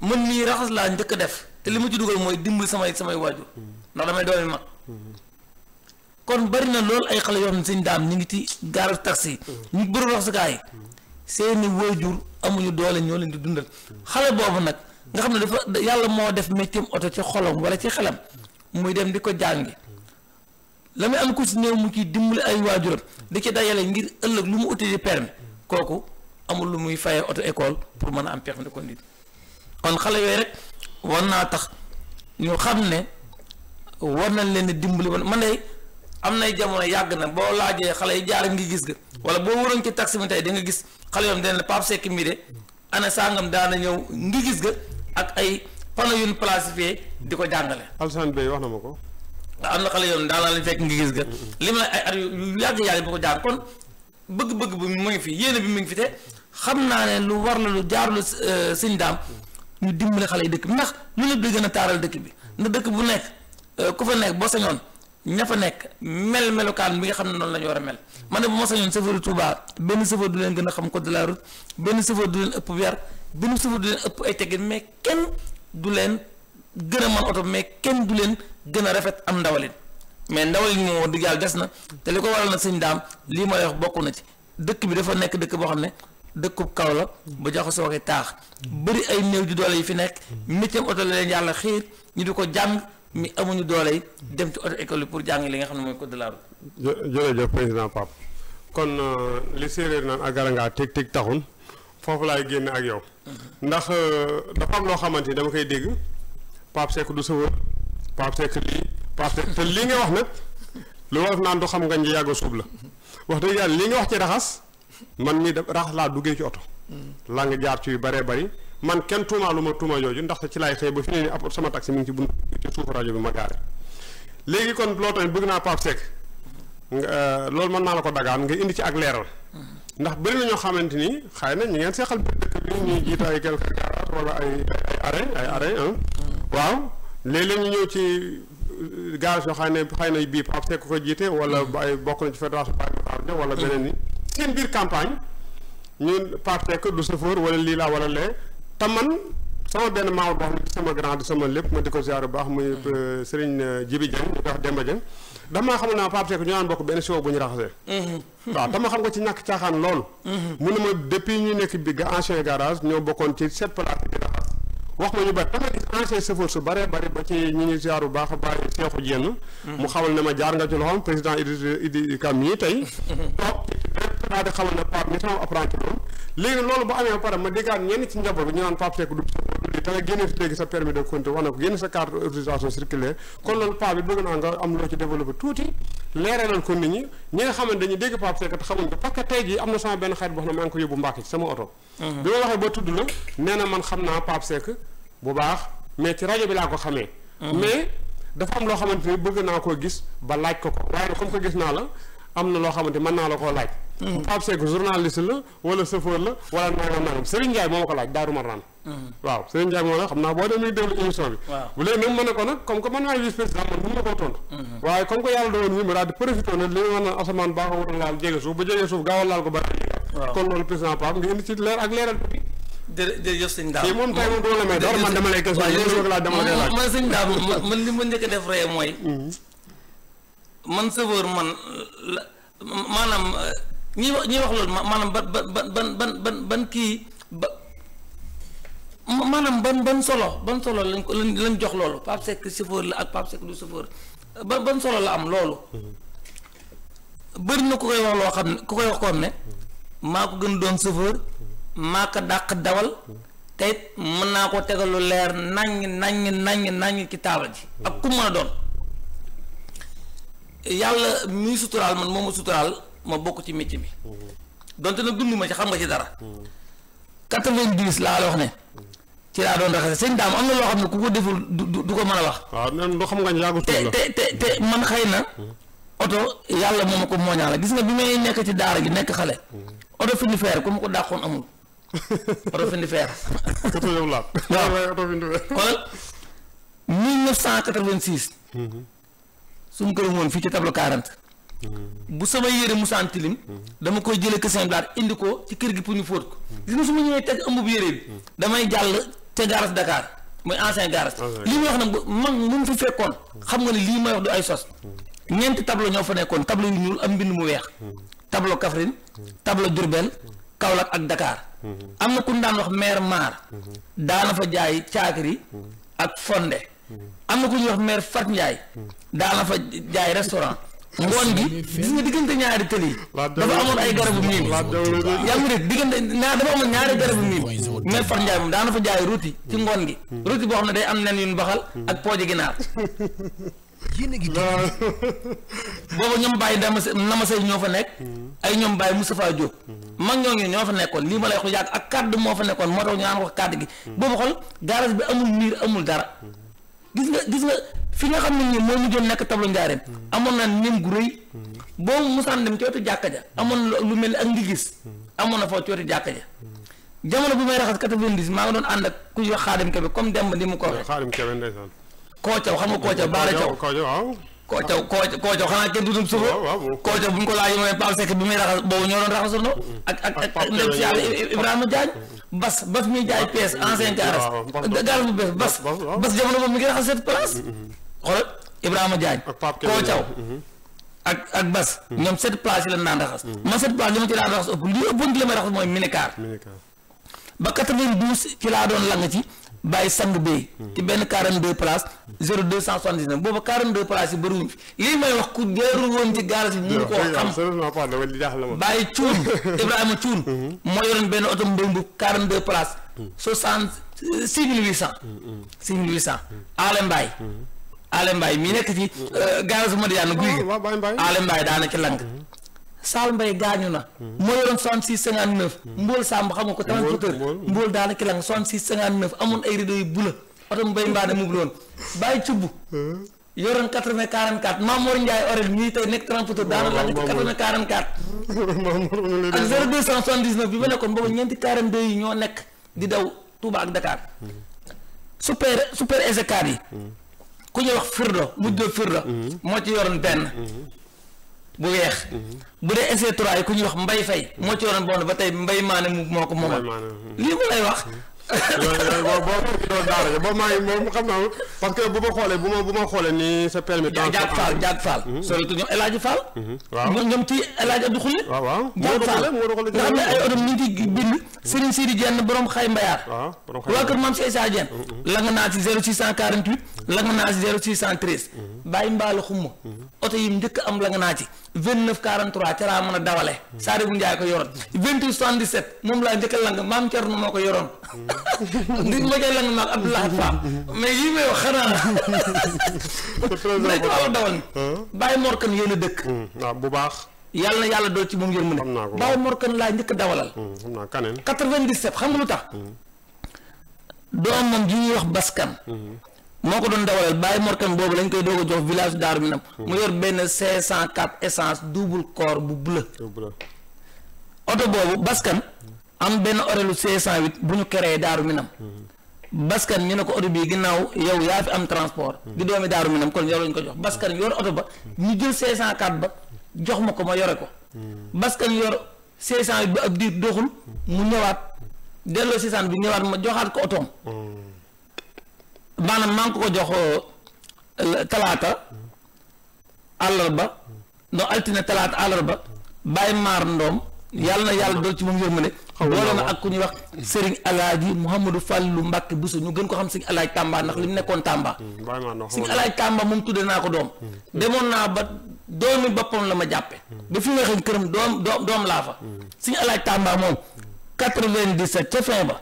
mën nii raxas laa njëkk def te li ma ci dugal mooy dimbali samay samay waajur ndax damay doomi mag kon bari na loolu ay xale yoon xam ne seen ñu ngi ci gaaru taxi ñu bëri wax si gaa yi seeni waajur amuñu doole ñoo leen di dundal xale boobu nag nga xam ne dafa yàlla moo def métier oto ci xolom wala ci xelam muy dem di ko jàngi la muy am ku si néew mu ciy dimbali ay waajuram di ci dajale ngir ëllëg lu mu uti di permis kooku amul lu muy fayee oto école pour mën a am permis de conduire kon xale yooyu rek war naa tax ñu xam ne war nañ leen dimbali man man de am nay jamono yàgg na boo laajee xale yi jaar ngi gis ga wala boo waroon ci taxi bi tey di nga gis xale yoon dina ne Pape Seck mi de ana sàngam daana ñëw ngi gis ga ak ay panneaux yoon ñu plastifié di ko jàngale. Alsane Bey wax na ma ko. am na xale yoon daana lañ fekk ngi gis ga li ma ay at yu yàgg yàgg di ko jàng kon bëgg-bëgg bi mu ngi fi yéene bi mu ngi fi de xam naa ne lu war la lu jaarul euh, sëñ daam ñu dimbale xale yi dëkk bi ndax lu lépp di gën a taaral dëkk bi ndax dëkk bu nekk euh, ku fa nekk boo sañoon ña fa nekk mel melukaan bi nga xam ne noonu la ñu war a mel man ne bu ma sañoon chauffeur Touba benn chauffeur du leen gën a xam code de la benn chauffeur du leen ëpp weer benn chauffeur du leen ëpp ay teggin mais kenn du leen gën a mën oto mais kenn du leen gën a rafet am ndawalin mais ndawalin moom wax dëgg yàlla des na te li ko waral na sëñ daam lii ma wax bokk na ci dëkk bi dafa nekk dëkk boo xam ne dëkkub kaw la bu jaxasoo ki taax bëri ay néew di doole yi fi nekk métier oto la leen yàlla xiir ñi di ko jàng mi amuñu doole yi dem ci oto école yi pour jàng li nga xam ne mooy de la route président Pape kon euh, li séeréer naan ak garangaa teg teg taxul foofu lay génn ak yow ndax euh, dafa am loo xamante ni dama koy dégg Pape Seck du sëwër Pape Seck lii Pape Seck te lii nga wax nag lu war naan du xam nga ñu yàgg suub la wax dëgg yàlla li nga wax ci raxas man mii da raxas laa duggee ci oto. Mm. laa nga jaar ci yu bëree bëri man kenn tuumaalu ma tuuma jooju ndax ci laay xëy ba fi ne nii ab sama taxi mi ngi ci bunt ci suufu rajo bi ma gaare. léegi kon loolu tamit bëgg naa Pape Seck nga euh, loolu mën naa la ko dagaan nga indi ci ak leeral. Mm-hmm. ndax bëri na ñoo xamante ni xëy na ñu ngeen seexal biir dëkk bi ñuy jiite ay quelque garage wala ay ay arrêt ay arrêt mm. waaw léeg-léeg ñu ñëw ci. Euh, garage yoo xam ne xëy na bii Pape Seck ko jiite wala mm. ay bokk na ci fédération Baye Matar wala beneen ni seen biir campagne ñun parce que du chauffeur wala lii laa wala lee te man sama benn maaw boo xam ne sama grand sama lépp ma di ko ziar bu baax muy mm. euh, Serigne euh, Jibi Dieng ñu koy wax Demba Dieng dafa maa xam naa Pape Seck ñu naan bokk benn show bu ñu raxasee mm-hmm. waaw dama xam ko ci ñàkk caaxaan lool mm-hmm. mu ne ma depuis ñu nekk bi ga ancien garage ñoo bokkoon ci sept place bi raxas wax ma ñu bari dama gis ancien chauffeur su bare bari ba ci ñu ngi ziar bu baax bàyyi Seexu Jenn mm-hmm. mu xawal ma jaar nga ci loxoom président Idi xaadi xamal ne Pape mi sama apprenti loolu léegi loolu bu amee ba pare ma déggaat ñenn ci njaboot bi ñu naan Pape Seck du te nga génnee fi léegi sa permis de conduire wax ko génne sa carte autorisation circulaire kon loolu Pape bi bëgg naa nga am loo ci développé tuuti leeralal ko nit ñi ñi nga xamante dégg Pape Seck te xamuñ ko parce tey jii am na sama benn xarit boo xam ne maa ngi ko yóbbu Mbàkke ci sama oto bi ma waxee ba tudd la nee na man xam naa la am na loo xamante man naa la koo laaj mm-hmm. Pape Seck journaliste la wala chauffeur la wala nangam nangam Serigne mm-hmm. la xam naa boo demee déglu émission bi bu léegi que man maay vice président man mm-hmm. ma daal di man man li ma njëkk def ree mooy man serveur man maanaam ñi wax ñi wax loolu maanaam ban ban ban ban ban ban kii ba maanaam ban ban solo ban solo lañ ko lañ jox loolu Pape Seck chauffeur la ak Pape Seck du chauffeur ban ban solo la am loolu. bëri na ku koy wax loo xam ne ku koy wax ko am ne maa ko gën doon chauffeur maa ko dàq dawal te it mën naa ko tegal lu leer naññ naññ naññ naññ ci taabal ji. ak ku mën a doon. yàlla muy suturaal man moom ma suturaal ma bokk ci métier bi donte nag dund ma ci xam nga ci dara quatre-vingt-dix laa la wax ne ci laa doon raxase sëñ daam am na loo xam ne ku ko deful du ko mën a wax waaw nan loo xam nga ñaagu te te te te man xëy na oto yàlla moom a ko mooñaale gis nga bi may nekk ci daara gi nekk xale oto findi feer ku ma ko dàqoon amul oto findi feer oto yow laa waaw oto findi feer xoolal mille cent quatre suñ ko woon fii ci tableau 40. Mm. bu sama yére musaan tilim mm. dama koy jële kër Saint Blaat indi ko ci kër gi pour ñu fóot ko. Mm. gis nga su ma ñëwee teg ëmb bu yére bi. damay jàll ca garage Dakar mooy ancien garage. Ah, li may wax na mag mun fi fekkoon. xam nga ne lii may wax du ay sos. ñeenti tableau ñoo fa nekkoon tableau yu ñuul am mbind mu weex. tableau Kaffrine. tableau Diourbel. Kaolack ak Dakar. am na ku daan wax maire maar. daana fa jaay caakiri. ak fonde. am na ku ñuy wax maire Fat Ndiaye. daana fa jaay restaurant. ngoon gi gis nga diggante ñaari tëli dafa amoon ay garabu miin yaa ngi dégg diggante naa dafa amoon ñaari garabu miin mais far njaay moom daana fa jaay ruuti ci ngoon gi ruuti boo xam ne day am nen yu ñu baxal ak pooje ginaar booba ñoom bàyyi dama ñoo fa nekk ay ñoom bàyyi Moustapha Diop mag ñooñu ñoo fa nekkoon lii ma lay wax yàgg ak kàddu moo fa nekkoon moo tax ñu naan wax kàddu gi boobu xool bi amul miir amul dara gis nga gis nga fi nga xam ne nii mooy mu jëm nekk tableau njaareem amoon na nim gu rëy boobu musaan dem cooti jàkka ja amoon na lu mel ni ak ngi gis amoon na foofu cooti jàkka ja jamono bu may raxas quatre-vingt-dix maa ngi doon ànd ku ñuy wax xaadim comme dem ba ni ko waxee xaadim kebe ndeysaan koocaw xam nga koocaw baara caw koocaw koocaw koocaw xanaa bu ko laajee mooy Pape Seck bi muy raxas boobu ñoo doon raxasandoo mm-hmm. ak ak ak ndem mm-hmm. si bees bas bas jamono boobu mi ngi raxas cette place mm-hmm. xoolal Ibrahima Diagne. ak Pape Kébé Koo Thiaw mhm. ak ak Bas. Mhm. ñoom sept places yi la naan raxas. Mhm. man sept places li ma ci daan may raxas mooy minicar. ba 92 ci laa doon lang ci bàyyi sang bee. ci benn 42 places 0279 booba 42 places yi bëriwuñ fi lii may wax ku jaarul woon ci garage bi. mënu koo xam bàyyi cuun Ibrahima cuun. moo yoroon benn oto mbéy bu 42 places. 60 6800. 6800 Aale Mbaye. Aale Mbaye mii nekk ci gaaw su ma di guy gi Aale Mbaye daana ci lank mhm. Saal Mbaye gaañu na mhm. moo yoroon soixante-six cinquante-neuf mhm. Mbool Samb xam nga ko transporteur Mbool daana ci lank soixante-six cinquante-neuf amoon ay rido yu bula oto mbay mbaane mu loon bàyyi cubb yoroon quatre-vingt quarante-quatre Mamour Ndiaye orel ñii tey nekk transporteur daana lank ci quatre-vingt quarante-quatre ak deux cent soixante-dix-neuf bi ma nekkoon di daw Touba ak Dakar super yi ku ñuy wax firdo mujj firdo mm-hmm. Mm-hmm. moo ci yoroon benn mm-hmm. bu weex bu dee essai trois ku ñuy wax mbay fay moo ci yoroon bon ba tey mbay maane mu moo ko moomal lii mu lay wax loolu boo boo boobu maa xam naa parce que bu ma xoolee bu ma bu ma xoolee nii sa permis jaag faal jaag faal soritu ñoom El Hadj Fall waaw ñoom ci El Hadj Abdou Khoule jaag faal nga xam ne ay otom ñu bind Serigne Sidi Diène borom xay mbayaar waa kër maam si Issa Diène la nga naa si 0648 la nga naa si 0613 bàyyi mbaalu oto yi njëkk am la nga naa 29 43 ca laa mën a dawale. Saare bu Njaay ko yoroon. 28 77 moom laa njëkk a lang maam Thierno moo ko yoroon. ndig ma koy lang maag Abdoulaye Fall. mais yii may wax xanaa la. dëgg la dawal. Baye Mor kan yéen a dëkk. Hmm, bu baax. yàlla na yàlla dool ci moom yërmande. xam naa ko Baye Mor laa njëkk a dawalal. Hmm, xam naa kaneen. 97 xam nga lu tax. Hmm. man ji ñuy wax Baskan. moo ko doon dawalal bàyyi morkan boobu lañ koy doog a jox village daaru minam mu yor benn cinq cent quatre essence double corps bu bleu oto boobu baskan am benn orelu cinq cent huit bu ñu créé daaru minam baskan ñu ne ko oto bii ginnaaw yow yaa fi am transport di doomi daaru minam kon yor lañ ko jox baskan yor oto ba ñu jël cinq cent quatre ba jox ma ko ma yore ko baskan yor cinq cent huit ba ab diir doxul mu ñëwaat delloo six cent bi ñëwaat ma joxaat ko otoom mm. maanaam maa ko ko jox euh, talaata àllarba non altine talaata àllarba bàyyi maar ndoom yàlla na yàlla dool ci moom yërmande boole na ak ku ñuy wax Serigne Alaaji Mouhamadou Fallou Mbacke Bousso ñu gën ko xam Serigne Alaaji Tamba ndax li mu nekkoon Tamba mm, Serigne Alaaji Tamba moom tudde naa ko doom mm. demoon naa ba doomi boppam la ma jàppe mm. ba fi nga xam këram doom doom doom laa fa Serigne Alaaji Tamba moom quatre-vingt-dix-sept ba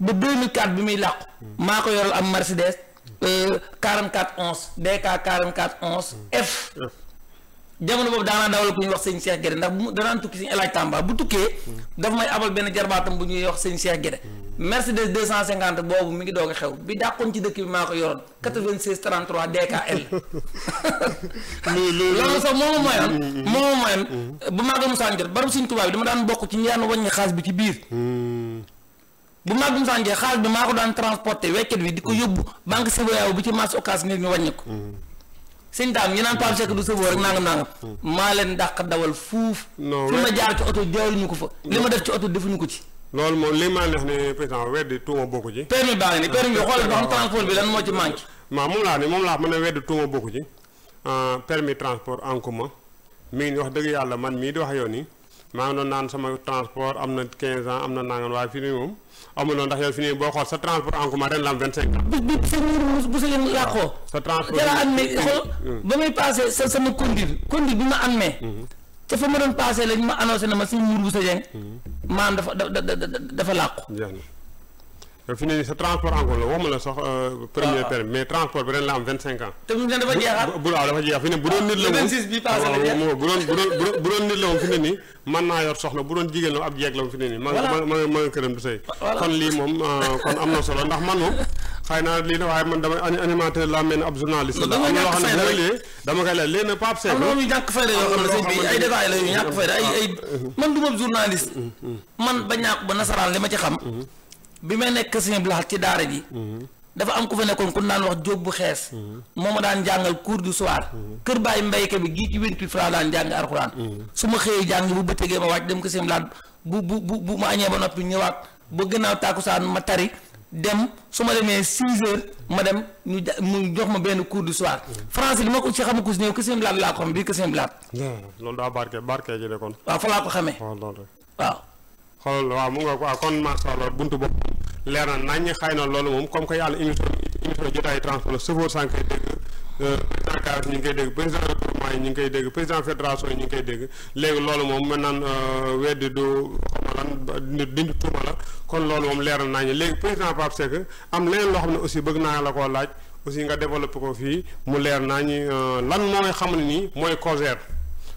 ba 2004 bi muy làqu maa ko yoral am Mercedes 44 11 DK 44 11 F jamono boobu daanaa dawal ku ñuy wax sëñ Cheikh Guédé ndax bu danaan tukki sëñ El Hadj Tamba bu tukkee dafa may abal benn jarbaatam bu ñuy wax sëñ Cheikh Guédé Mercedes cinquante boobu mi ngi doog xew bi dàqoon ci dëkk bi maa ko yoroon 96 33 DKL. loolu sax moo ma mayoon mm, mm, mm. moo bu maa ko musaan jot barab suñ tubaab bi dama daan bokk ci ñaan wàññi xaas bi ci biir bu mag bi mu sàncee xaalis bi maa ko daan transporté wekket bi di ko yóbbu banque CBAO bu ci masse occasion ngir ñu wàññi ko. Mm. sëñ daam ñu naan Pape Seck du sëboo rek nangam nangam. Mm. maa leen dàq dawal fuuf. non fi ma jaar ci oto jawluñu ko fa. li ma def ci oto defuñu ko ci. loolu moom li ma neex ne président weddi tuuma bokku ci. permis baa ngi ni permis bi ah. xoolal ba xam transport bi lan moo ci manqué. waaw moom laa ne moom laa mën a weddi tuuma bokku ci ah, permis transport en commun mi ngi wax dëgg yàlla man mii di wax yoon yi maa ngi doon naan sama transport am na 15 ans am na nangam waaye fii nii moom amuloo ndax yow fii boo xool sa transport en commun ren la am 25 ans. bu sa njëriñ bu sa njëriñ làqoo. sa transport bi am ne mm. ba muy passé sa sama conduite conduite bi ma amee. Mm-hmm. te fa ma doon passé lañ ma annoncé na ma si Nour Bousso Dieng. Mm-hmm. maam dafa da da dafa làqu. fi ne nii sa transport en commun la waxuma la sax. Euh, premier ah. permis mais transport bi ren la am vingt cinq ans. te bu ñu dafa jeexal bu waaw dafa jeexal fi ne bu doon nit la moom bi passé ah, bu doon bu la moom fi nii mën naa yor soxna bu doon jigéen la ab jeeg la moom fi nii. ma ma ma ma nga man moom xëy naa lii na waaye man dama animateur la mel ni ab journaliste la am na loo xam ay mm-hmm. mm-hmm. man du ma journaliste mm-hmm. man ba ñàkk ba nasaraan li ma ci xam bi ma nekk Sëñ Abdou Lahad ci daara ji. Mhm. dafa am ko fa nekkoon ku naan wax jóob bu xees. Mhm. moo ma daan jàngal cours du soir. Mhm. kër bàyyi mbéykat bi gii ci 28 francs daan jàng alxuraan. su ma xëyee jàng bu bëccëgee ma wàcc dem ko Sëñ Abdou Lahad bu bu bu bu ma añee ba noppi ñëwaat ba gannaaw tàkkusaan ma tari. dem su ma demee six heures ma dem ñu ja mu jox ma benn cours du soir français li ma ko ci xamu ko si néew Sëñ Abdou laa ko xam bii Sëñ Abdou loolu daa barke xoolal waaw mu nga kon macha allah buntu bopp leer na ñi xëy na loolu moom comme que yàlla émission émission jotaayu transport la chauffeur sànq koy dégg président euh, ñu ngi koy dégg président groupement yi ñu ngi koy dégg président fédération yi koy dégg léegi loolu moom mën naan euh, weddi du xawma lan dindi tuuma la kon loolu moom leer na naññ léegi président Pape Seck am leneen loo xam ne aussi bëgg naa la koo laaj aussi nga développé ko fii mu leer naa naññ euh, lan mooy xam ne nii mooy COJER.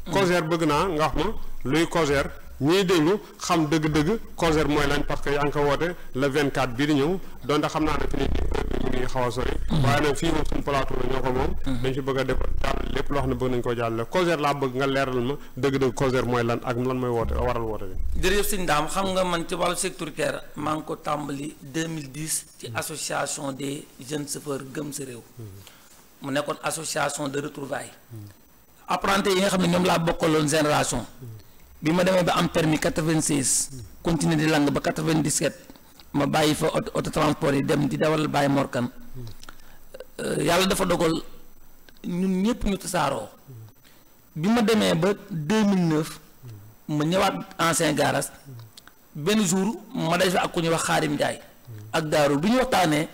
Mm. COJER bëgg naa nga wax ma luy COJER. ñiy déglu xam dëgg-dëgg concert mooy lañ parce que yaa ngi ko woote vingt 24 bii di ñëw donte xam naa ne fi ñu ngi xaw a sori. waaye nag fii moom suñu plateau la ñoo ko moom. Mm-hmm. dañ si bëgg a def jàll lépp loo xam ne bëgg nañu koo jàllale concert laa bëgg nga leeral ma dëgg-dëgg concert mooy lan ak lan mooy woote waral woote bi. jërëjëf sëñ Dame xam nga man ci wàllu sécuritaire maa ngi ko tàmbali 2010 ci mm-hmm. association des jeunes chauffeurs gëm sa réew. Mm-hmm. mu nekkoon association de retrouvailles. apprentis yi nga xam ne ñoom laa bokkaloon génération. bi ma demee ba am permis quatre-vingt-seize continuer di lang ba quatre-vingt-dix-sept ma bàyyi fa auto auto transport yi dem di dawal bàyyi morkan euh, yàlla dafa dogal ñun ñëpp ñu tasaaroo bi ma demee ba 2009 ma ñëwaat ancien garage benn jour ma daj fa ak ku ñuy wax Xaarim Njaay ak daaru bi ñu waxtaanee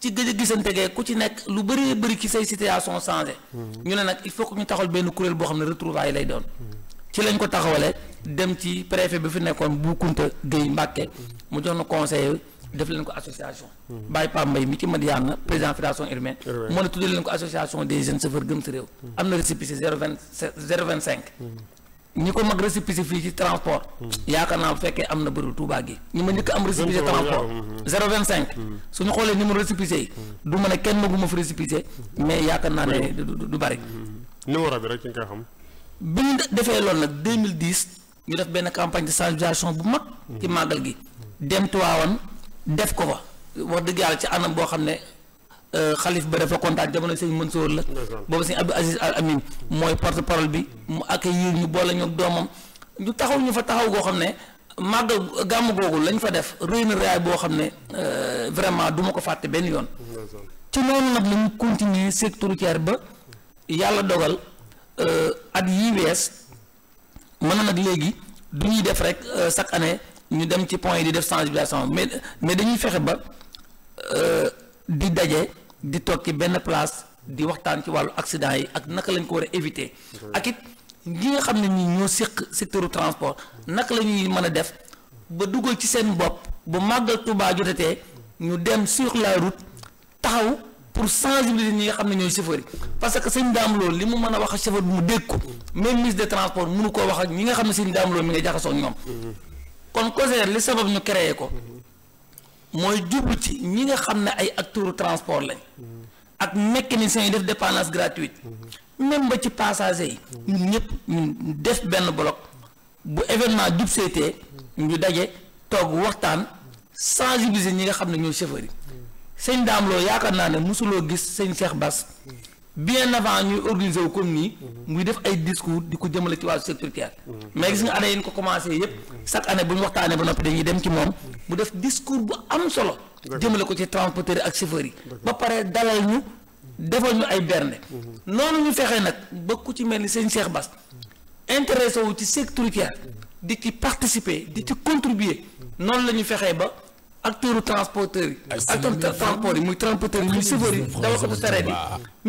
ci gëj gisante gee ku ci nekk lu bëree bëri ci say situation changé hmm. ñu ne nag il faut que ñu taxal benn kuréel boo xam ne retrouvailles lay doon hmm. ci lañ ko taxawale dem ci préfet bi fi nekkoon bu Kunta Gueye Mbàkke mu jox na conseil def leen ko association mm-hmm. Baye Pape Mbaye mi ci Madiana président fédération urbaine moo ne tuddee leen ko association des jeunes chauffeurs gëm sa réew mm-hmm. am na récépissé zéro vingt zéro vingt cinq mm-hmm. ñi ko mag récépissé fii ci transport yaakaar naa bu fekkee am na bëri Touba gi ñi ma njëkk am récépissé transport zéro vingt cinq suñu xoolee numéro récépissé yi du ma ne kenn maguma fi mais yaakaar naa ne du bari numéro bi rek ci bi ñu defee loolu nag 2010 ñu def benn campagne de sensibilisation bu mag. ci mm-hmm. màggal gi. dem Tiwaawan def ko fa wax dëgg yàlla ci anam boo xam ne euh, xalif ba dafa kontaan jamono sëñ Mansour la. boobu sëñ Abdou Aziz Al Amin mooy porte parole bi mu accueillir ñu boole ñu doomam ñu taxaw ñu fa taxaw goo xam ne màggal gàmm googu lañ fa def réy na boo xam ne euh, vraiment du ma ko fàtte benn yoon. ci noonu nag la ñu continuer secteur routier ba yàlla dogal. Euh, at yii wees mën na nag léegi du ñuy def rek euh, chaque année ñu dem ci point yi di def sensibilisation mais mais dañuy fexe ba euh, di daje di toog ci benn place di waxtaan ci wàllu accident yi ak naka lañ ko war a éviter ak it ñi nga xam ne ñi ñoo séq secteur transport naka la ñuy mën a def ba dugal ci seen bopp bu màggal Tuubaa jotatee ñu dem sur la route taxaw pour sensibiliser ñi nga xam ne ñooy chauffeur parce que sëñ daam loolu li mu mën a wax ak chauffeur bi mu dégg ko même ministre des transports mënu koo wax ak ñi nga xam ne sëñ daam loolu mi ngay jaxasoo ñoom kon COSER li sabab ñu créé ko mooy jublu ci ñi nga xam ne ay acteurs transport lañ ak mécaniciens yi def dépendance gratuite même ba ci passagers yi ñun ñëpp ñu def benn bloc bu événement jub seetee ñu daje toog waxtaan sensibiliser ñi nga xam ne ñooy chauffeur yi sëñ Dame Lo yaakaar naa ne mosuloo gis sëñ Cheikh Bass bien avant ñuy organiser wu comme nii muy def ay discours di ko jëmale ci wàllu secteur mais gis nga année yi ñu ko commencé yëpp chaque année bu ñu waxtaanee ba noppi dañuy dem ci moom bu def discours bu am solo jëmale ko ci transporteurs ak chauffeurs yi ba pare dalal ñu defal ñu ay bernde noonu ñu fexee nag ba ku ci mel ni sëñ Cheikh Bass intéressé wu ci secteur di ci participer di ci contribuer noonu la ñu fexee ba acteur transporteur yi acteur transport yi muy transporteur yi muy chauffeur yi dawal ko sareet yi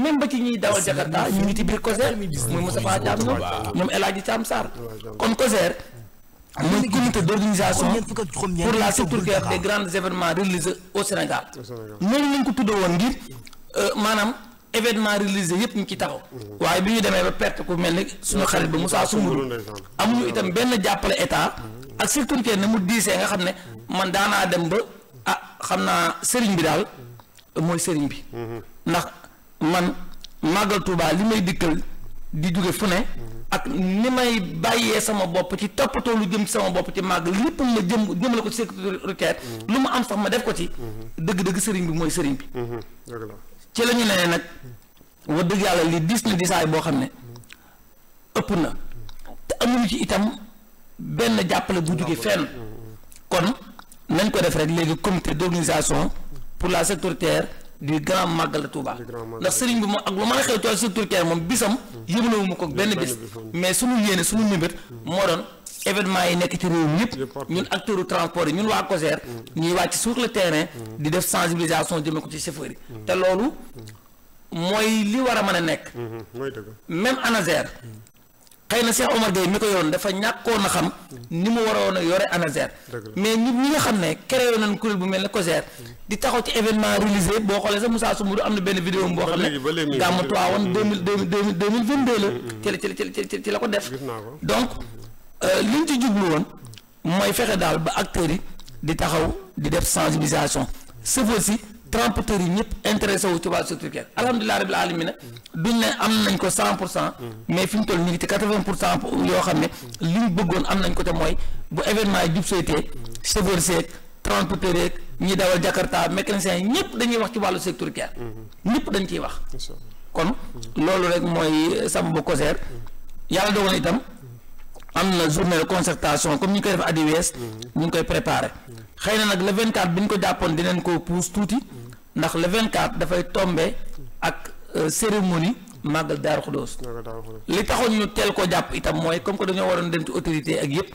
même ba ci ñuy dawal jakarta ñu ngi ci biir COSER mooy Moustapha Thiam ñoom ñoom El Hadji Thiam Sarr kon événements religieux au Sénégal noonu lañ ko tuddee woon ngir euh, maanaam événement réalisé yëpp ñu ci taxaw mm-hmm. waaye bi ñu demee ba perte ku mel ni suñu xarit ba Moussa Soumourou amuñu itam benn jàppale état mm-hmm. ak surtout que mu diisee nga xam ne man daanaa dem ba ah xam naa sëriñ bi daal mooy sëriñ bi ndax man màggal Tuubaa li may dikkal di jóge fu ne ak ni may bàyyee sama bopp ci toppatoo lu jëm sama bopp ci màgg lépp ma jëm jëmale ko ci sécurité routière lu ma am sax ma def ko ci dëgg-dëgg sëriñ bi mooy sëriñ bi ci la ñu ne nag wax dëgg yàlla li diis na diisaay boo xam ne ëpp na te amuñu ci itam benn jàppale bu jóge fenn kon nañ ko def rek léegi comité d'organisation pour la sécuritaire du grand Magal Touba ndax sëriñ bi moom ak lu mën a xew ci sécuritaire moom bisam yëbalawu ma ko benn bis mais su suñu yéene suñu mébét moo doon événement yi nekk ci réew mi yëpp ñun acteurs transport yi ñun waa COSER mm. ñuy wàcc sur le terrain mm. di def sensibilisation jëme ko ci chauffeur yi mm. te loolu mooy li war a mën a nekk mm-hmm. même ANASER xëy na Cheikh Omar Gueye mi ko yoon dafa ñàkkoon a xam ni mu waroon a yore ANASER mais ñun ñi nga xam ne créé nañ kuréel bu mel ne COJER di taxaw ci événement réalisé boo xoolee sax Moussa Soumourou am na benn vidéo boo xam ne gàmmu Tiwaawan deux mille deux mille deux mille vingt deux mm-hmm. la ci la ci la ci la ko def donc euh, liñ ci jublu woon mooy fexe daal ba acteurs yi di taxaw di def sensibilisation sauf aussi transporteurs yi ñëpp intéressé wu ci waa certificat alhamdulilah rabil la nag duñ ne am nañ ko cent pour cent mais fi ñu toll ñu ngi ci quatre vingt pour cent yoo xam ne li ñu bëggoon am nañ ko te mooy bu événement yi jub seetee chauffeur seeg transporteur yeeg ñi dawal jakarta mécanicien yi ñëpp dañuy wax ci wàllu secteur car ñëpp dañ ciy wax kon loolu rek mooy sama ba koseer yàlla dogal itam am na journée de concertation comme ñu koy def adiwees mm-hmm. ñu ngi koy préparé xëy na nag le 24 bi ñu ko jàppoon dinañ ko puus tuuti ndax le 24 dafay tombe ak euh, cérémonie màggal Daaru Xudoos li taxoon ñu teel ko jàpp itam mooy comme que dañoo waroon dem ci autorité ak yëpp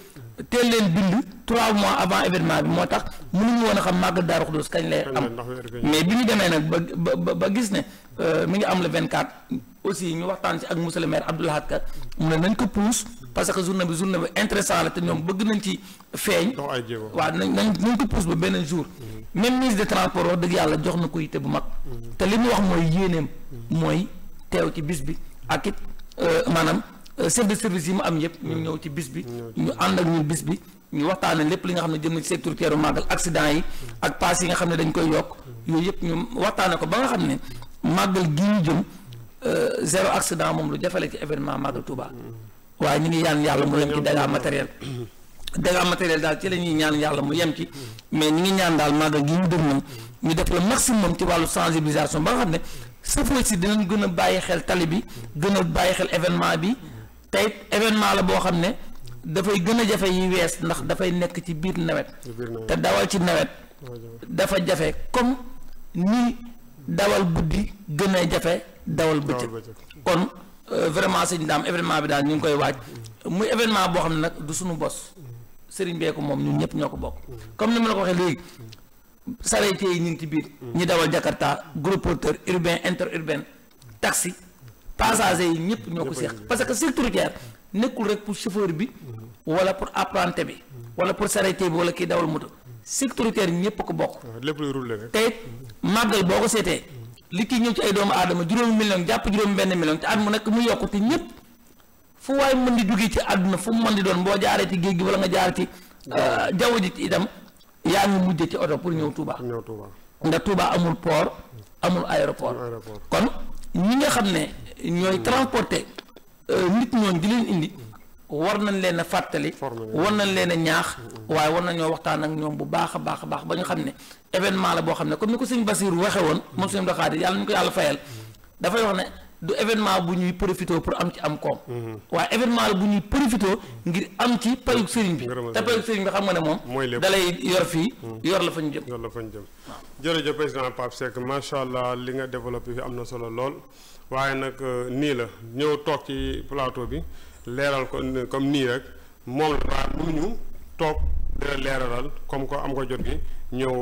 teel leen bind trois mois avant événement bi moo tax mënuñu woon a xam màggal Daaru Xudoos kañ lay am mais bi ñu demee nag ba ba gis ne euh, mi ngi am le 24 aussi ñu waxtaan si ak monsieur le maire Abdoulahat Ka mu ne nañ ko puus parce que journée bi journée bi intéressant la te ñoom bëgg nañ ci feeñ waaw nañ nañ nañ ko pousse ba beneen jour mm-hmm. même ministre des transports wax dëgg yàlla jox na ko yitte bu mag mm-hmm. te li mu wax mooy yéeneem mm-hmm. mooy teew ci bis bi ak it euh, maanaam euh, chef de service yi mu am yëpp ñu ñëw ci bis bi ñu ànd ak ñun bis bi ñu waxtaanee lépp li nga xam ne jëm na ci sécurité ru màggal accident yi ak paas yi nga xam ne dañ koy yokk yooyu yëpp ñu waxtaanee ko ba nga xam ne màggal gi ñu jëm euh, zéro accident moom lu jafe la événement màggal Touba waaye ñu ngi ñaan yàlla mu yem ci dégâts matériel dégâts matériel daal ci la ñuy ñaan yàlla mu yem ci mais ñu ngi ñaan daal màggal gi ñu dëg moom ñu def le maximum ci wàllu sensibilisation ba nga xam ne safar si dinañ gën a bàyyi xel tali bi gën a bàyyi xel événement bi tey événement la boo xam ne dafay gën a jafe yi wees ndax dafay nekk ci biir nawet te dawal ci nawet dafa jafe comme ni dawal guddi gën a jafe dawal bëccëg Euh, vraiment sëñ daam événement bi daal ñu ngi koy waaj muy événement boo xam ne nag du suñu bos bee beeku moom ñu ñëpp ñoo ko bokk comme ni ma la ko waxee léegi sareete yi ñu ngi ci biir ñi dawal jakarta gros porteur urbain interurbain taxi passager yi ñëpp ñoo ko seq parce que sécuritaire nekkul rek pour chauffeur bi wala pour apprenti bi wala pour sareete bi wala kii dawal moto sécuritaire ñëpp ko bokk lépp luy rouler rek boo ko seetee li ci ñëw ci ay doomu aadama juróom million jàpp juróom benn million te at mu nekk mu yokk te ñëpp fu waay mën di jógee ci àdduna fu mu mën di doon boo jaaree ci géej gi wala nga jaar ci euh, jaww ji itam yaa ngi mujj ci oto pour ñëw Touba. ñëw Touba ndax Touba amul port amul aéroport. kon ñi nga xam ne ñooy transporter euh, nit ñooñ di leen indi. war nañ leen a fàttali war nañ leen ñaax waaye war nañoo waxtaan ak ñoom bu baax a baax a baax ba ñu xam ne événement la boo xam ne comme ni ko sëñ Basiir waxe woon moom sëñ Abdou Khadre yàlla ñu ko yàlla fayal dafay wax ne du événement bu ñuy profité pour am ci am koom mm-hmm. waaye événement la bu ñuy profité ngir am ci payug sëriñ bi te payug sëriñ bi xam nga ne moom da lay yor fii mm-hmm. yor la fa ñu jëm yor la fa ñu jëm jërëjëf président Pape Seck macha allah li nga développé fi am na solo lool waaye nag euh, nii la ñëw toog ci plateau bi leeral ko comme nii rek moom la waa mënuñu toog dina leeralal comme que am nga jot gi ñëw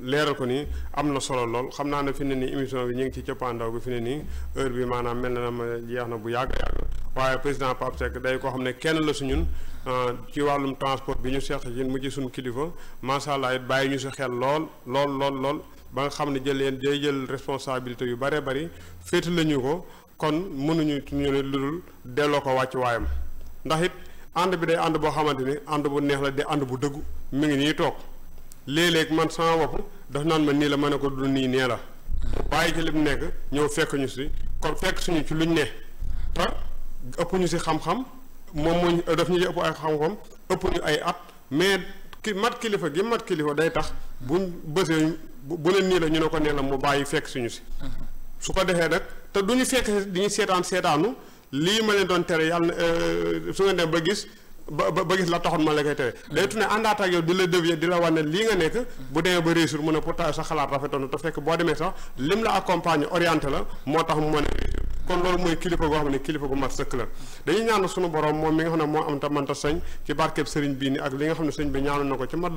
leeral ko ni am na solo lool xam naa ne fi ne nii émission bi ñu ngi ci cëppaandaw bi fi ne nii heure bi maanaam mel na ma jeex na bu yàgg yàgg waaye président Pape Seck day koo xam ne kenn la su ñun ah, ci wàllum transport bi ñu seq ci mujj ci suñu kilifa macha allah bàyyi ñu si xel lool lool lool lool ba nga xam ne jël leen day jël responsabilité yu bare bari féete lañu ko kon mënuñu ñu ne lu dul delloo ko wàcc waayam ndax ànd bi day ànd boo xamante ni ànd bu neex la de ànd bu dëggu mi ngi nii toog léeg man sama bopp daf naan ma nii la ma ne ko du nii nee la bàyyi ci li ñëw fekk ñu si kon fekk suñu ci luñ ne te si xam moom moo daf ñu ëpp ay xam ëpp ñu ay at mais ki mat kilifa gi mat kilifa day tax buñ bësee bu ne nii la ñu ne ko nee la mu bàyyi fekk suñu si su ko defee nag te du ñu fekk di ñu seetaan seetaanu lii ma leen doon tere yàlla euh, su ngeen dem ba gis ba ba gis la taxoon ma la koy tere mm. day tune àndaat ak yow di la dévier di la wane lii nga nekk bu demee ba réussir mu ne pourtant sa xalaat rafetoon na te fekk boo demee sax lim la accompagner orienté la moo tax mu ma ne kon loolu mooy kilifa goo xam ne kilifa gu mat sëkk la dañuy ñaan sunu borom moom mi nga xam ne moo am te mënta ci barkeb sëriñ bii ni ak li nga xam ne sëriñ bi ñaanu na ko ci mat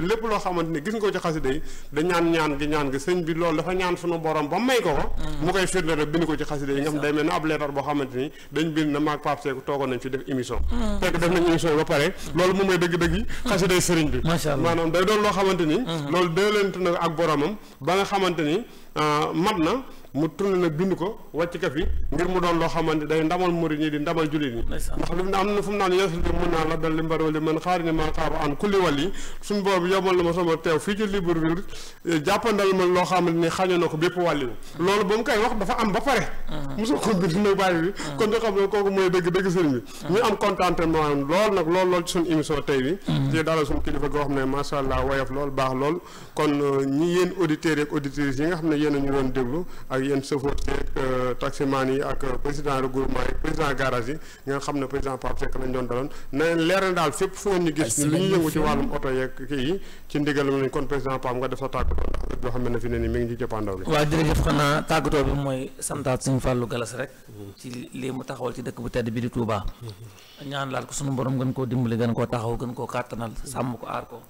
lépp loo xamante ni gis nga ko ci xasida yi da ñaan ñaan gi ñaan gi sëriñ bi loolu dafa ñaan sunu borom ba may ko ko mu koy firnde rek bind ko ci xasida yi nga xam day mel ne ab leetar boo xamante ni dañ bind na maag Pape Seck toogoon nañ fi def émission hmm. fekk def nañ émission ba pare loolu moom mooy dëgg-dëgg yi sëriñ bi maanaam day doon loo hmm. na mu tourné na bind ko wàcc ka fi ngir mu doon loo xamante day ndamal murid ñi di ndamal jullit ñi ndax lu mu am na fu mu naan yees li mun naa la dal man ni man xaaru ma ko bépp wàll yi mm. loolu koy wax dafa am ba pare mm. mosul ko bind nag bi mm. kon nga xam kooku mooy dëgg dëgg sëriñ bi ñu am lool nag lool lool ci suñu émission tey bi ci dalal suñu kilifa goo xam ne macha allah woyof lool baax lool kon euh, ñi yéen auditeurs yeeg auditrices yi nga xam ne yéen a ñu doon déglu ak yéen chauffeur yeeg euh, taximan yi ak euh, président regroupement yi président garage yi nga xam ne président Pape Seck lañ doon daloon leer na daal fépp foo ñu gis lu ñu yëngu ci wàllum oto yeeg kii yi ci ndigalam lañ kon président Pape nga def sa tàggatoo boo xam ne fi mi ngi ci jëppandaw bi waaw jërëjëf xanaa mooy santaat suñu fàllu galas rek ci lii mu taxawal ci dëkk bu tedd bi di Touba ñaan laal ko suñu borom gën koo dimbali gën koo taxaw gën koo kàttanal sàmm ko aar ko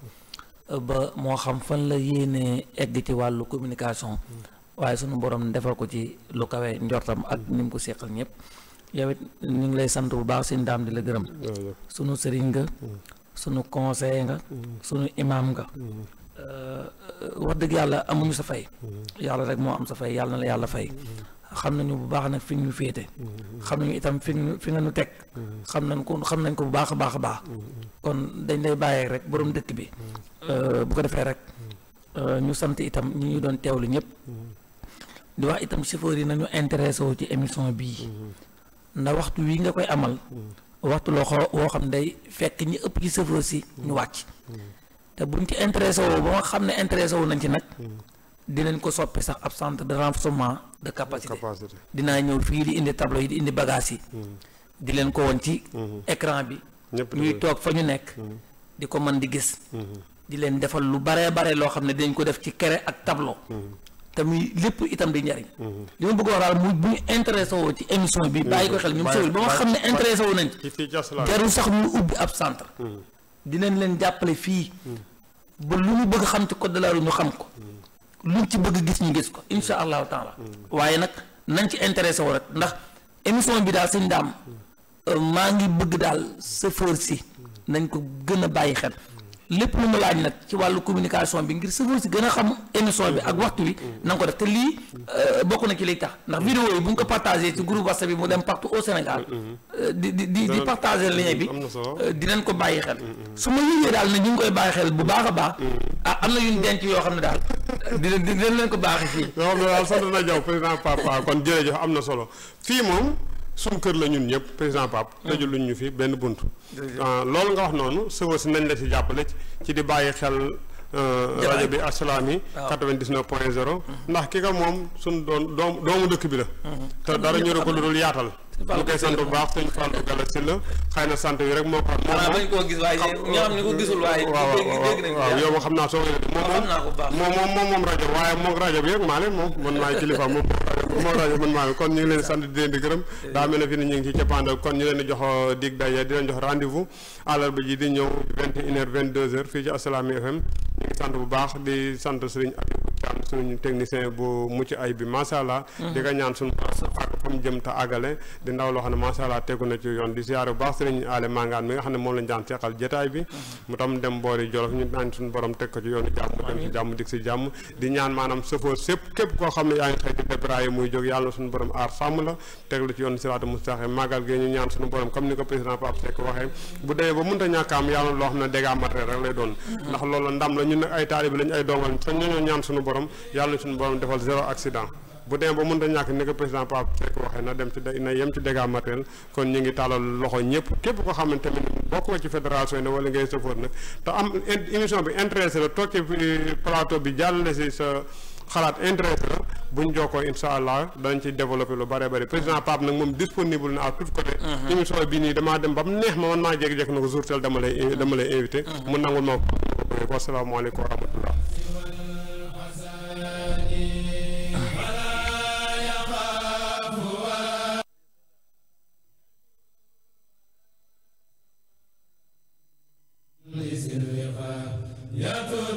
ba moo xam fan la yéenee egg ci wàllu communication waaye sunu borom defal ko ci lu kawe njortam ak ni ko seqal ñëpp yow it ñu ngi lay sant bu baax seen daam di la gërëm sunu sëriñ nga sunu conseiller nga sunu imaam nga euh, wax dëgg yàlla amuñu sa fay yàlla rek moo am sa fay yàlla na la yàlla fay xam nañu bu baax nag fi ñu féete xam nañu itam fi nga ñu teg xam nañ ko xam nañ ko bu baax a baax baax kon dañ lay bàyyee rek borom dëkk bi Euh, bu ko defee rek euh, ñu sant itam ñu ñu doon teewlu ñëpp di wax itam chauffeur yi nañu intéressé wu ci émission bii ndax waxtu wi nga koy amal waxtu loo xoo woo xam ne day fekk ñi ëpp ci chauffeur si ñu wàcc te buñ ci intéressé woo ba nga xam ne intéressé wu nañ ci nag di leen ko soppi sax ab centre de renforcement de capacité dinaa ñëw fii di indi tableau yi di indi bagage yi di leen ko woon ci mm-hmm. écran bi ñuy toog fa ñu nekk mm-hmm. di ko man di gis mm-hmm. di leen defal lu baree bare loo xam ne dañ ko def ci kere ak tablo mm-hmm. te muy lépp itam di njariñ. Mm-hmm. li ma bëgg a wax daal muy bu ñu intéressé ci émission bi. bàyyi ko xel ñoom mm-hmm. Sewil ba ma xam ne intéressé wu nañ ci. jarul sax ñu ubbi ab centre. dinañ leen jàppale fii. ba lu ñu bëgg xam ci code de la route ñu xam ko. luñ ci bëgg gis ñu gis ko insha allahu taala. waaye nag nañ ci intéressé wu rek ndax émission bi daal suñu daam euh, maa ngi bëgg daal chauffeur si nañ ko gën a bàyyi xel. lépp lu mu laaj nag ci wàllu communication bi ngir safar si gën a xam émission bi ak waxtu bi na ko def te lii euh, bokk na ci liy tax ndax vidéo yi bu ñu ko partagé ci groupe WhatsApp bi mu dem partout au Sénégal mm-hmm. euh, di di di di partagé lien bi euh, dinañ ko bàyyi xel mm-hmm. su ma yëgee daal ne ñu ngi koy bàyyi xel bu baax a baax mm-hmm. a ah, am na yu ñu denc yoo xam ne daal dinañ dinañ leen ko baaxee fii yoo xam ne daal sant na jaw président papa kon jërëjëf am na solo fii moom suñ kër la ñun ñëpp président Pape ah. tëju luñ ñu fi benn bunt ah, loolu nga wax noonu sëwa si nañ la si jàppale ci di bàyyi xel euh, rajo bi asalaami 99 ah. point 0 mm-hmm. ndax ki nga moom suñ doon doom doomu dëkk bi la mm-hmm. te dara ñëru ko lu dul yaatal ñu koy sant bu baax suñu Fallou Gala si la xëy na sant bi rek moo ko koo gis waaye ñoo xam ne ko gisul waaye waaw waaw yow xam naa soo moom moom moom moom rajo waaye moom rajo bi rek maa leen moom man maay kilifa moom moom rajo man maa leen kon ñu ngi leen di sant di leen di gërëm daa mel ne fi ni ñu ngi ci cappaandal kon ñu leen di jox uh, dig daje di leen jox rendez-vous àllarba ji di ñëw vingt et une heure vingt deux heures fii ci Assalaamy FM ñu ngi sant bu baax di sant sëriñ Abibou Thiam suñu technicien bu mucc ay bi macha allah mm-hmm. di nga ñaan suñu fu ñu jëm te àggale di ndaw loo xam ne macha allah tegu na ci yoon di ziare bu baax sëriñ Aale Mangaan mi nga xam ne moom lañ daan seqal jotaay bi mu tam dem boori Jolof ñu naan suñu borom aar sàmm la teg la ci yoon siraatu mustaqim màggal gi ñu ñaan suñu borom comme ni ko président Pape Seck waxee bu demee ba mënta ñàkk am yàlla loo xam ne dégâts matériels rek lay doon ndax loolu ndam la ñun nag ay taalibe lañ ay dongal sax ñoo ñaan suñu borom yàlla bu dee ba mënut a ñàkk ni ko président Pape Seck waxee na dem ci na yem ci dégâts matériels kon ñu ngi tàllal loxo ñëpp képp ko xamante ne bokk nga ci fédération yi wala ngay sëfoor nag te am émission bi intéressé la toog ci euh, plateau bi jàllale si sa xalaat intéressé la bu ñu jokkoo incha allah danañ ci développé lu bare bare président Pape nag moom disponible na à tout côté. Mhm. émission bi nii damaa dem ba mu neex ma man maa jékki-jékki na ko jour tel dama lay dama lay invité. Mhm. ko asalaamaaleykum wa yaa